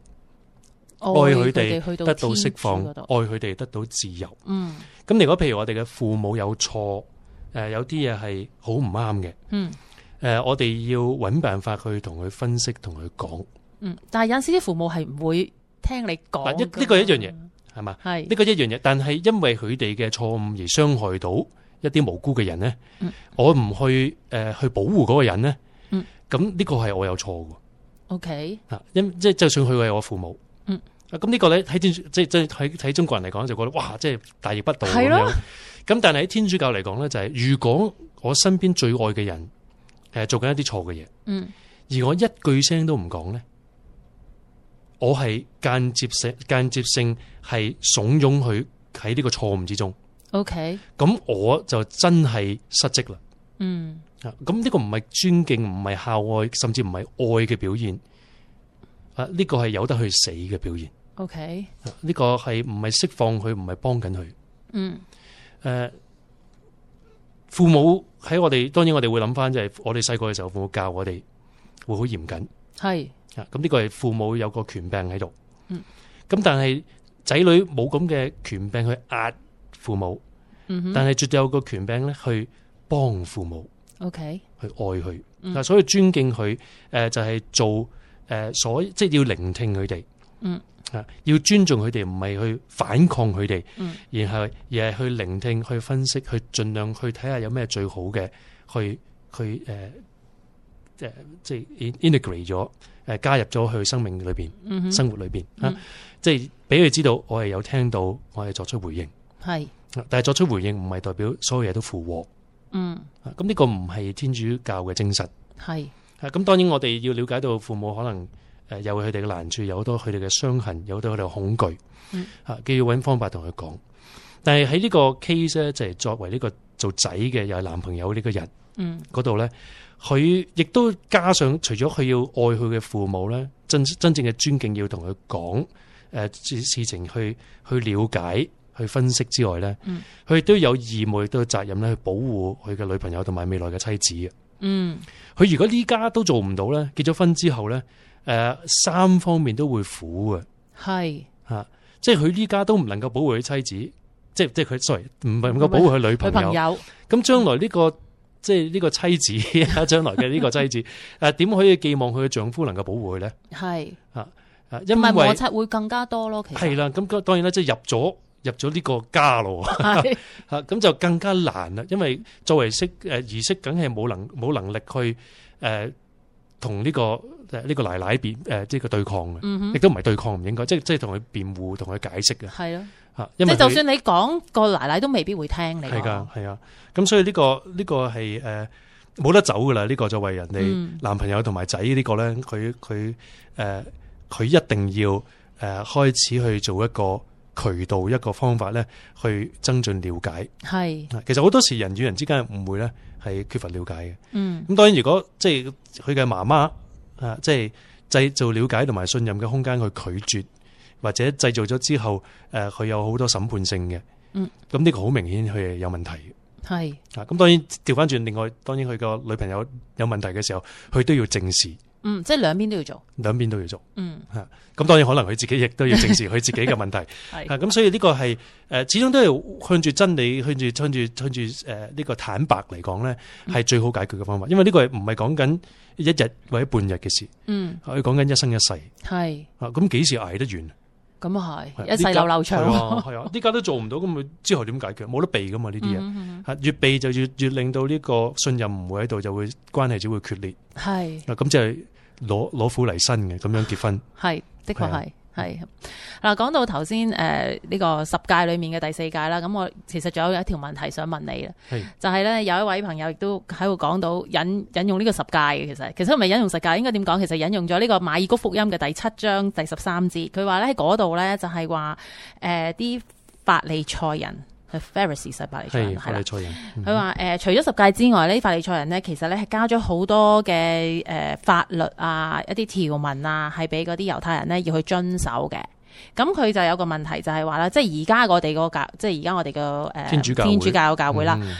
愛佢哋得到釋放，嗯、愛佢哋得到自由，嗯，咁如果譬如我哋嘅父母有錯，誒有啲嘢係好唔啱嘅，嗯、呃，誒我哋要搵辦法去同佢分析，同佢講。嗯，但係有陣時啲父母係唔會聽你講呢個一樣嘢，係嘛？係呢個一樣嘢。但係因為佢哋嘅錯誤而傷害到一啲無辜嘅人咧，嗯、我唔去誒、呃、去保護嗰個人咧，咁呢、嗯、個係我有錯嘅。O K，吓，因即係就算佢係我父母，咁、嗯、呢個咧喺即係即係喺睇中國人嚟講就覺得哇，即、就、係、是、大逆不道咁的樣。但係喺天主教嚟講咧，就係、是、如果我身邊最愛嘅人誒、呃、做緊一啲錯嘅嘢，嗯、而我一句聲都唔講咧。我係間接性、間接性係慫恿佢喺呢個錯誤之中。OK，咁我就真係失職啦。嗯，咁呢個唔係尊敬，唔係孝愛，甚至唔係愛嘅表現。啊，呢個係有得去死嘅表現。OK，呢個係唔係釋放佢，唔係幫緊佢。嗯，誒，父母喺我哋，當然我哋會諗翻，即係我哋細個嘅時候，父母教我哋會好嚴謹。係。咁呢個係父母有個權柄喺度，咁、嗯、但係仔女冇咁嘅權柄去壓父母，嗯、哼但係絕對有個權柄咧去幫父母，OK，、嗯、哼去愛佢，啊、嗯，所以尊敬佢，誒，就係、是、做，誒、呃，所即係要聆聽佢哋，嗯，啊，要尊重佢哋，唔係去反抗佢哋，嗯、然後而係去聆聽，去分析，去盡量去睇下有咩最好嘅，去去誒、呃，即係 in integrate 咗。誒，加入咗佢生命裏邊，嗯、哼生活裏邊啊，嗯、即係俾佢知道我係有聽到，我係作出回應。係是，但係作出回應唔係代表所有嘢都附和。嗯，咁呢個唔係天主教嘅精神。係是，咁當然我哋要了解到父母可能誒，有佢哋嘅難處，有好多佢哋嘅傷痕，有好多佢哋恐懼。啊、嗯，既要揾方法同佢講，但係喺呢個 case 咧，就係、是、作為呢個做仔嘅又係男朋友呢個人，嗯，嗰度咧。佢亦都加上，除咗佢要愛佢嘅父母咧，真真正嘅尊敬要同佢講，誒、呃、事情去去了解、去分析之外咧，嗯，佢亦都有義務，亦都有責任咧去保護佢嘅女朋友同埋未來嘅妻子啊，嗯，佢如果呢家都做唔到咧，結咗婚之後咧，誒、呃、三方面都會苦嘅，係吓是、啊，即係佢呢家都唔能夠保護佢妻子，即係即係佢 sorry 唔唔能夠保護佢女朋友，咁將來呢、這個。嗯即係呢個妻子啊，將來嘅呢個妻子，誒點、 啊、可以寄望佢嘅丈夫能夠保護佢咧？係啊是因為摩擦為會更加多咯，其實係啦。咁當然啦，即係入咗入咗呢個家咯，係，咁就更加難啦。因為作為識誒兒媳，梗係冇能冇能力去誒同呢個呢、這個奶奶辯誒即係個對抗嘅，亦都唔係對抗，唔應該，即係即係同佢辯護，同佢解釋嘅。係咯。即係就算你講，個奶奶都未必會聽你。係噶，係啊。咁所以呢個呢個係誒冇得走噶啦。呢個就為人哋男朋友同埋仔呢個咧，佢佢誒佢一定要誒、呃、開始去做一個渠道一個方法咧，去增進了解。係。是 其實好多時人與人之間嘅誤會咧，係缺乏了解嘅。嗯。咁當然，如果即係佢嘅媽媽啊，即係製造了解同埋信任嘅空間去拒絕。或者製造咗之後，誒、呃、佢有好多審判性嘅，嗯，咁呢個好明顯佢係有問題嘅，係，是 啊，咁當然調翻轉，另外當然佢個女朋友有，有問題嘅時候，佢都要正視，嗯，即係兩邊都要做，兩邊都要做，嗯、啊，嚇，咁當然可能佢自己亦都要正視佢自己嘅問題，係 是、啊，咁、嗯、所以呢個係誒、呃、始終都係向住真理，向住向住向住誒呢個坦白嚟講咧，係最好解決嘅方法，嗯、因為呢個係唔係講緊一日或者半日嘅事，嗯，係講緊一生一世，係，是 啊，咁幾時捱得完？咁啊係一世流流長，係啊，依、啊啊、家都做唔到，咁佢之後點解決？冇得避噶嘛呢啲嘢，嗯嗯嗯越避就越越令到呢個信任唔會喺度，就會關係只會決裂。係是，嗱咁即係攞攞苦嚟身嘅，咁樣結婚。係的確係。係嗱，講到頭先，誒、呃、呢、這個十誡裏面嘅第四誡啦，咁我其實仲有一條問題想問你是就係呢，有一位朋友亦都喺度講到引引用呢個十誡嘅，其實其實唔係引用十誡，應該點講？其實引用咗呢個馬爾谷福音嘅第七章第十三節，佢話呢，喺嗰度呢，就係話，誒啲法利賽人。係法利賽人佢話誒，除咗十誡之外，呢法利賽人呢，其實咧係加咗好多嘅誒、呃、法律啊，一啲條文啊，係俾嗰啲猶太人呢要去遵守嘅。咁佢就有個問題就係話咧，即係而家我哋個教，即係而家我哋，那個誒、呃、天主教天主教嘅教會啦，嗯、哼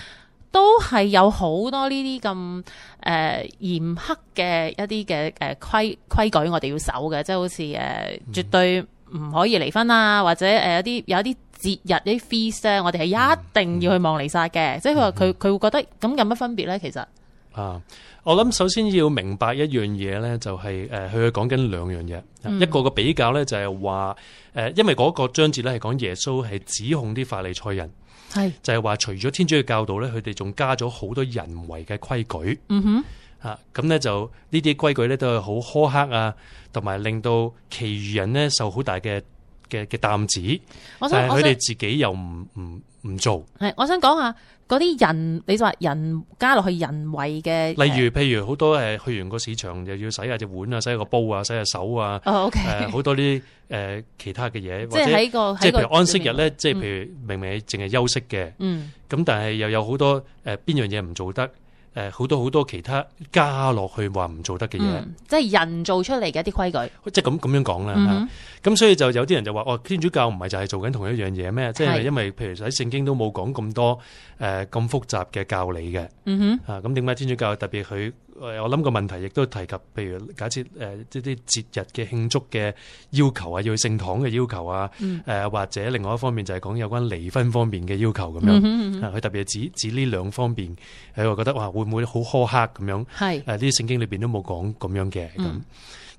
都係有好多呢啲咁誒嚴苛嘅一啲嘅誒規規矩，我哋要守嘅，即係好似誒、呃、絕對唔可以離婚啊，或者誒、呃、有啲有啲。節日啲 feast 咧，我哋係一定要去望嚟晒嘅。即係佢話佢佢會覺得咁有乜分別咧？其實啊，我諗首先要明白一樣嘢咧，就係誒，佢係講緊兩樣嘢。一個個比較咧，就係話誒，因為嗰個章節咧係講耶穌係指控啲法利賽人，係是就係話除咗天主嘅教導咧，佢哋仲加咗好多人為嘅規矩。嗯哼，啊，咁咧就呢啲規矩咧都係好苛刻啊，同埋令到其餘人呢，受好大嘅。嘅嘅擔子，誒佢哋自己又唔唔唔做，係我想講下嗰啲人，你就話人加落去人為嘅，例如譬如好多誒去完個市場又要洗下隻碗啊，洗個煲啊，洗，下，洗下手啊，哦 O K，好多啲、呃、其他嘅嘢，即係喺個，即係譬如安息日咧，即係譬如明明淨係休息嘅，嗯，咁但係又有好多誒邊、呃、樣嘢唔做得。誒好多好多其他加落去話唔做得嘅嘢，即係人做出嚟嘅一啲規矩，即係咁咁樣講啦。咁所以就有啲人就話：哦，天主教唔係就係做緊同一樣嘢咩？嗯哼。即係因為譬如喺聖經都冇講咁多誒咁、呃、複雜嘅教理嘅，嗯哼。咁點解天主教特別佢？我諗個問題亦都提及，譬如假設誒，一、呃、啲節日嘅慶祝嘅要求啊，要去聖堂嘅要求啊，誒、嗯呃、或者另外一方面就係講有關離婚方面嘅要求咁樣佢、嗯嗯啊、特別係指指呢兩方面，佢、啊、話覺得哇，會唔會好苛刻咁樣？係誒是、啊，啲聖經裏邊都冇講咁樣嘅咁。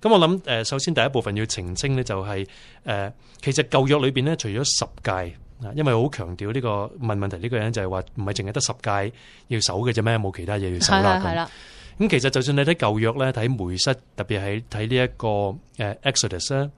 咁、嗯、我諗誒、呃，首先第一部分要澄清呢、就是，就係誒，其實舊約裏邊呢，除咗十戒因為好強調呢、這個問問題呢個人就係話唔係淨係得十戒要守嘅啫咩？冇其他嘢要守啦。係啦。咁其實就算你睇舊約咧，睇梅室，特別係睇呢一個誒 Exodus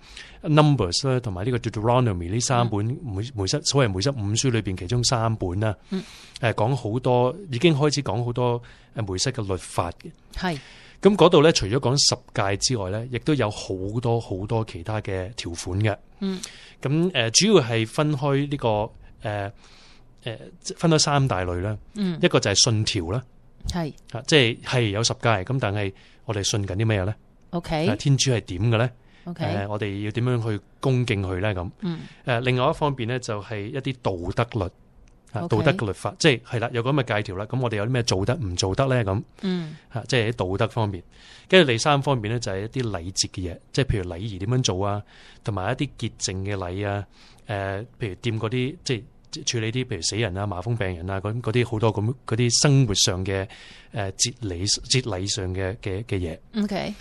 Numbers 咧，同埋呢個 Deuteronomy 呢三本、嗯、梅梅塞所謂梅室五書裏邊其中三本啦，誒、嗯、講好多，已經開始講好多誒梅室嘅律法嘅。係咁嗰度咧，除咗講十戒之外咧，亦都有好多好多其他嘅條款嘅。嗯，咁誒主要係分開呢、呢個誒誒、呃、分開三大類啦。嗯，一個就係信條啦。係，啊，即係有十戒，咁但係我哋信緊啲咩嘢咧？OK，啊，天主係點嘅咧？OK，啊，我哋要點樣去恭敬佢咧？咁，嗯，誒，啊，另外一方面咧，就係一啲道德律，啊，OK，道德嘅律法，即係係啦，有咁嘅戒條啦，咁我哋有啲咩做得唔做得咧？咁，嗯，吓，啊，即係喺道德方面，跟住第三方面咧，就係一啲禮節嘅嘢，即係譬如禮儀點樣做啊，同埋一啲潔淨嘅禮啊，誒，啊，譬如掂嗰啲即係。處理啲譬如死人啊、麻風病人啊，嗰啲好多咁嗰啲生活上嘅誒節禮節禮上嘅嘅嘅嘢。OK，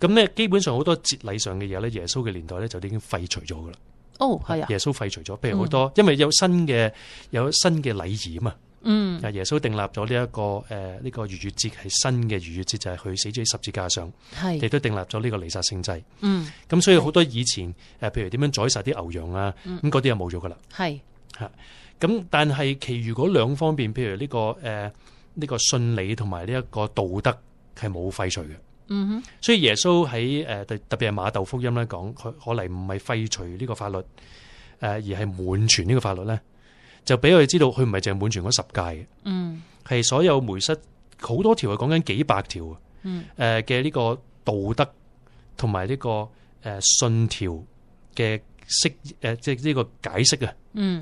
咁咧基本上好多節禮上嘅嘢咧，耶穌嘅年代咧就已經廢除咗噶啦。哦，係啊，耶穌廢除咗，譬如好多，嗯、因為有新嘅有新嘅禮儀啊嘛。嗯，啊，耶穌訂立咗呢一個誒呢、這個逾越節係新嘅逾越節就係、是、佢死咗喺十字架上，係亦都訂立咗呢個彌撒聖祭。嗯，咁所以好多以前誒譬如點樣宰殺啲牛羊啊，咁嗰啲又冇咗噶啦。係。吓，咁、嗯、但係其餘兩方面，譬如呢、這個誒呢、呃這個信理同埋呢一個道德係冇廢除嘅，嗯哼，所以耶穌喺誒、呃、特別係馬竇福音咧講，佢可能唔係廢除呢個法律，誒、呃、而係滿全呢個法律咧，就俾佢哋知道佢唔係淨係滿全嗰十誡嘅，嗯，係所有梅瑟好多條啊，講緊幾百條，嗯，誒嘅呢個道德同埋呢個誒、呃、信條嘅。釋誒，即係呢個解釋啊，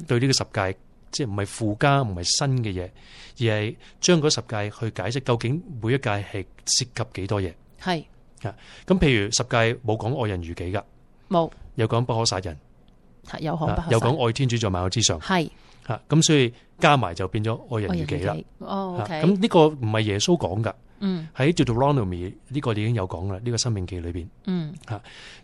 對呢個十誡，嗯、即係唔係附加，唔係新嘅嘢，而係將嗰十誡去解釋，究竟每一誡係涉及幾多嘢？係啊，咁譬如十誡冇講愛人如己噶，冇有講不可殺人，有講不可有講愛天主在萬有之上，係。吓咁、嗯、所以加埋就變咗愛人如己啦，哦，咁呢個唔係耶穌講噶，嗯，喺 Deuteronomy 呢個已經有講啦，呢、這個生命記裏邊，嗯，吓咁、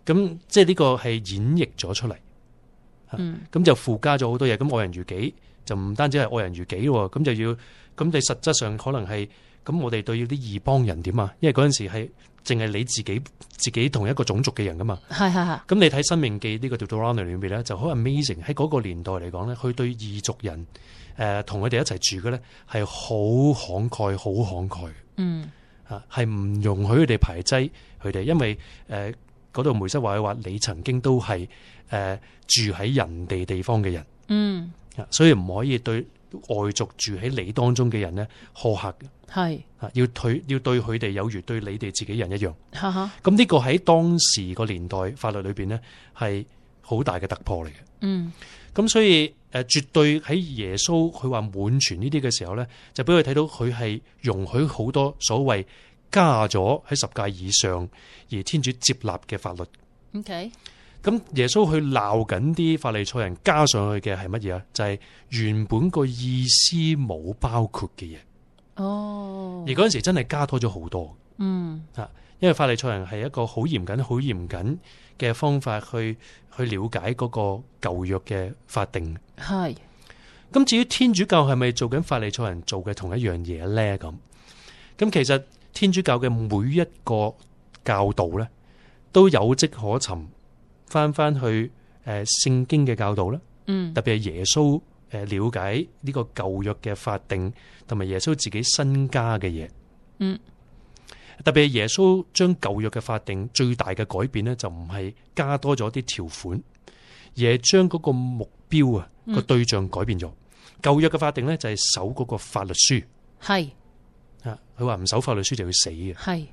嗯嗯、即係呢個係演繹咗出嚟，咁、嗯嗯、就附加咗好多嘢，咁愛人如己就唔單止係愛人如己喎，咁就要咁你實質上可能係。咁我哋對啲異邦人點啊？因為嗰陣時係淨係你自己自己同一個種族嘅人噶嘛。係係係。咁 你睇《申命記》呢、這個《Dorana》裏面咧，就好 amazing。喺嗰個年代嚟講咧，佢對異族人同佢哋一齊住嘅咧係好慷慨，好慷慨。嗯。啊，係唔容許佢哋排擠佢哋，因為誒嗰度梅瑟話話你曾經都係誒、呃、住喺人哋地方嘅人。嗯。所以唔可以對。外族住喺你當中嘅人咧，苛刻嘅係啊，要退要對佢哋有如對你哋自己人一樣。咁呢個喺當時個年代法律裏邊咧，係好大嘅突破嚟嘅。嗯，咁所以誒，絕對喺耶穌佢話滿全呢啲嘅時候咧，就俾佢睇到佢係容許好多所謂加咗喺十誡以上而天主接納嘅法律。嗯、okay。咁耶穌去鬧緊啲法利賽人加上去嘅係乜嘢啊？就係原本個意思冇包括嘅嘢哦。而嗰陣時真係加多咗好多，嗯吓，因為法利賽人係一個好嚴謹、好嚴謹嘅方法去去了解嗰個舊約嘅法定係。咁至於天主教係咪做緊法利賽人做嘅同一樣嘢咧？咁咁其實天主教嘅每一個教導咧都有跡可尋。翻翻去誒，聖經嘅教導啦，嗯，特別係耶穌誒了解呢個舊約嘅法定，同埋耶穌自己身家嘅嘢，嗯，特別係耶穌將舊約嘅法定最大嘅改變咧，就唔係加多咗啲條款，而係將嗰個目標啊個對象改變咗。舊約嘅法定咧就係守嗰個法律書，係啊，佢話唔守法律書就要死嘅，係，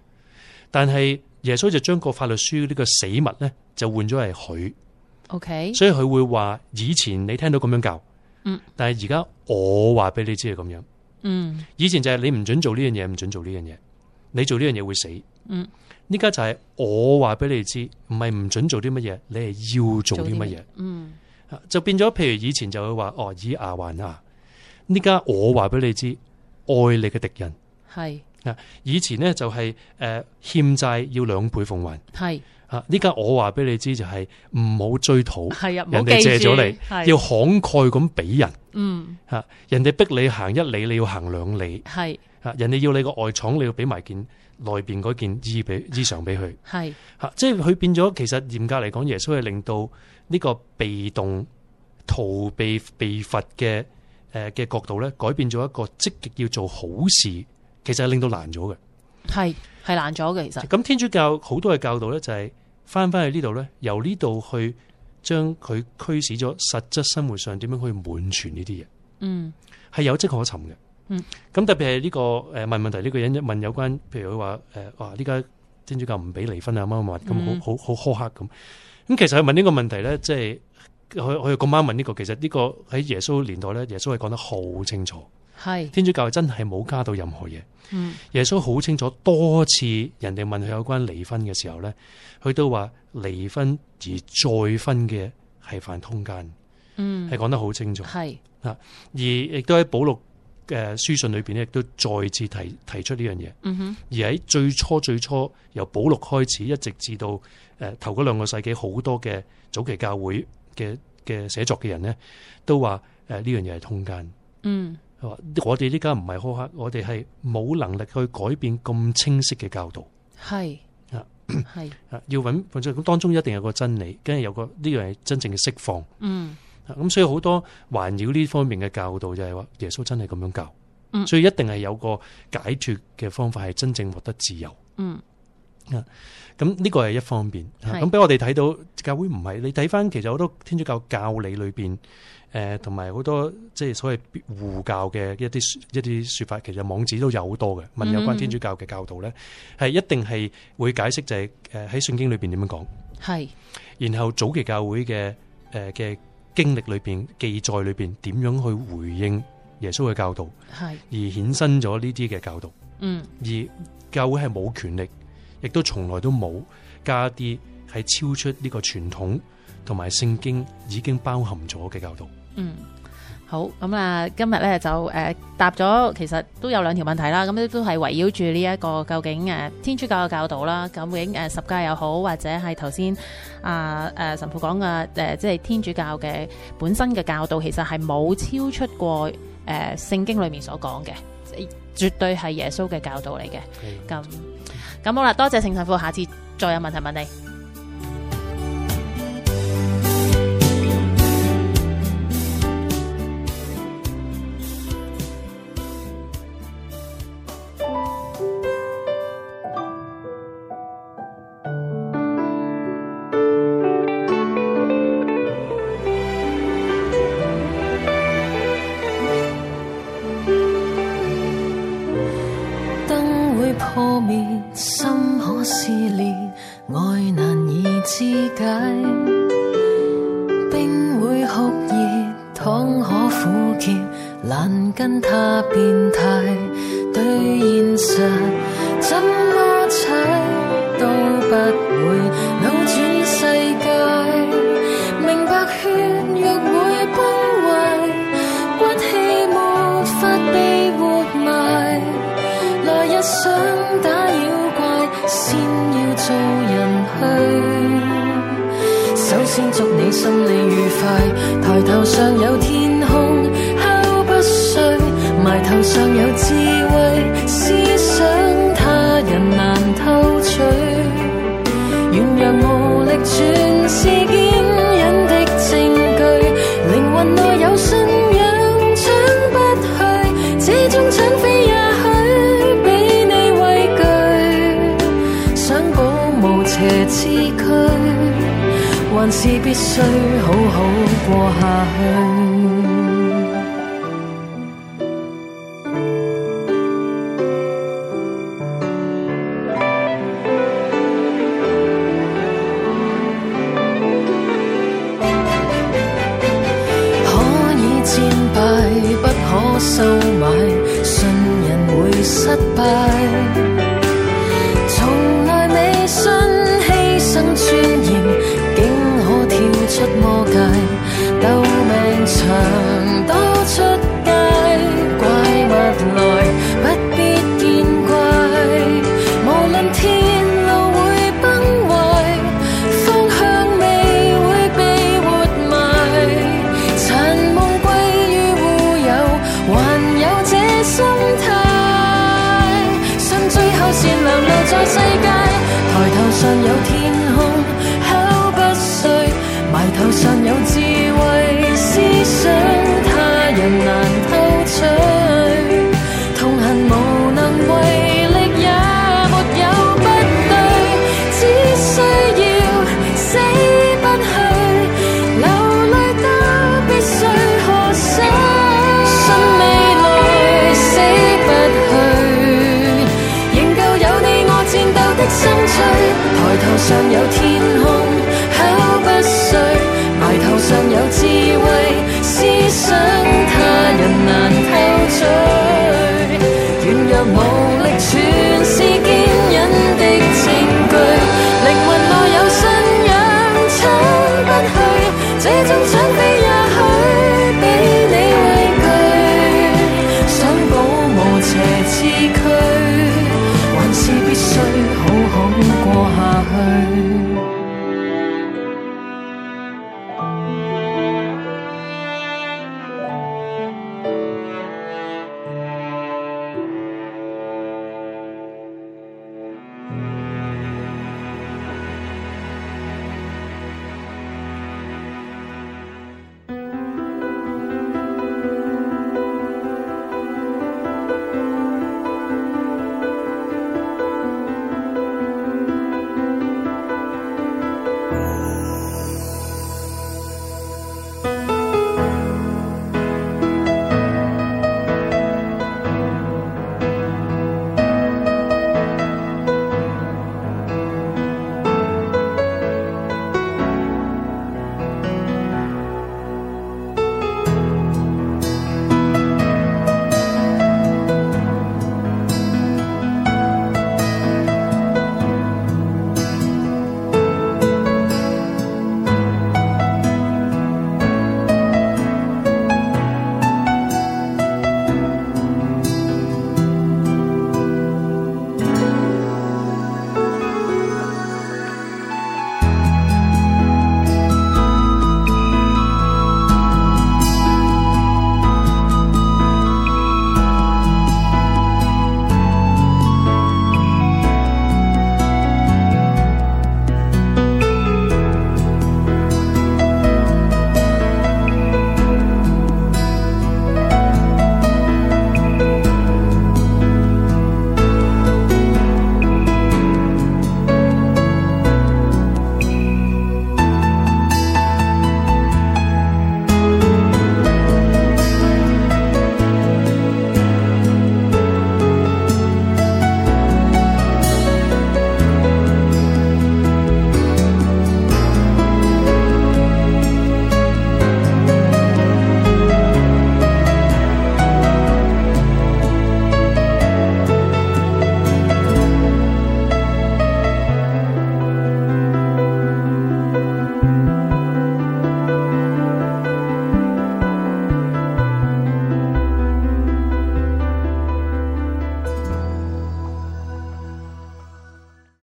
但係。耶穌就將個法律書呢個死物咧，就換咗係佢。OK，所以佢會話：以前你聽到咁樣教，嗯，但係而家我話俾你知係咁樣，嗯，以前就係你唔准做呢樣嘢，唔准做呢樣嘢，你做呢樣嘢會死，嗯，呢家就係我話俾你知，唔係唔准做啲乜嘢，你係要做啲乜嘢，嗯，就變咗。譬如以前就會話哦以牙還牙，呢家我話俾你知，愛你嘅敵人係。嗱！以前呢，就係誒欠債要兩倍奉還係吓是的。依家，我話俾你知就係唔好追討係啊，人哋借咗你，是的 要慷慨咁俾人，嗯吓。人哋逼你行一里，你要行兩里係吓。是的 人哋要你個外廠，你要俾埋件內邊嗰件衣俾衣裳俾佢係吓。是的 即係佢變咗，其實嚴格嚟講，耶穌係令到呢個被動逃避被罰嘅誒嘅角度咧，改變咗一個積極要做好事。其實係令到難咗嘅，係係難咗嘅。其實咁天主教好多嘅教導咧，就係翻翻去呢度咧，由呢度去將佢驅使咗實質生活上點樣去滿全呢啲嘢。嗯，係有跡可尋嘅。嗯，咁特別係呢個誒問問題呢個人一問有關，譬如佢話誒啊，呢家天主教唔俾離婚啊，咁樣咁好好好苛刻咁。咁其實佢問呢個問題咧，即係佢佢咁啱問呢個，其實呢個喺耶穌年代咧，耶穌係講得好清楚。係是天主教真係冇加到任何嘢。嗯、耶穌好清楚，多次人哋問佢有關離婚嘅時候咧，佢都話離婚而再婚嘅係犯通姦。嗯，係講得好清楚。係啊是，而亦都喺保祿嘅書信裏邊，亦都再次提提出呢樣嘢。嗯哼，而喺最初最初由保祿開始，一直至到誒、呃、頭嗰兩個世紀，好多嘅早期教會嘅嘅寫作嘅人咧，都話誒呢樣嘢係通姦。嗯。我哋呢家唔係苛刻，我哋係冇能力去改變咁清晰嘅教導。係啊，係啊，要揾，咁當中一定有個真理，跟住有個呢樣嘢真正嘅釋放。嗯，咁所以好多環繞呢方面嘅教導就係話耶穌真係咁樣教。嗯，所以一定係有個解決嘅方法係真正獲得自由。嗯。啊，咁呢個係一方面，咁俾是我哋睇到教會唔係你睇返，其實好多天主教教理裏邊，誒同埋好多即係所謂護教嘅一啲一啲說法，其實網址都有好多嘅，問有關天主教嘅教導咧，係、嗯、一定係會解釋就係誒喺聖經裏邊點樣講，係是然後早期教會嘅誒嘅經歷裏邊記載裏邊點樣去回應耶穌嘅教導，係是而衍生咗呢啲嘅教導，嗯，而教會係冇權力。亦都從來都冇加啲係超出呢個傳統同埋聖經已經包含咗嘅教導。嗯，好，咁、嗯、啊，今日咧就誒、呃、答咗，其實都有兩條問題啦。咁都係圍繞住呢一個究竟誒、呃、天主教嘅教導啦，究竟誒、呃、十誡又好，或者係頭先啊誒神父講嘅誒、呃，即係天主教嘅本身嘅教導，其實係冇超出過誒、呃、聖經裏面所講嘅，絕對係耶穌嘅教導嚟嘅。咁、嗯。嗯咁好啦，多謝盛神父，下次再有問題問你。燈會破滅。心可撕裂，愛難以肢解。冰會酷熱，糖可苦澀，難跟他變態。對現實怎麼猜都不。祝你心裡愉快，抬頭上有天空敲不碎，埋頭上有智慧，思想他人難偷取。軟弱無力全是堅忍的證據，靈魂內有信仰搶不去，這種想飛。還是必須好好過下去。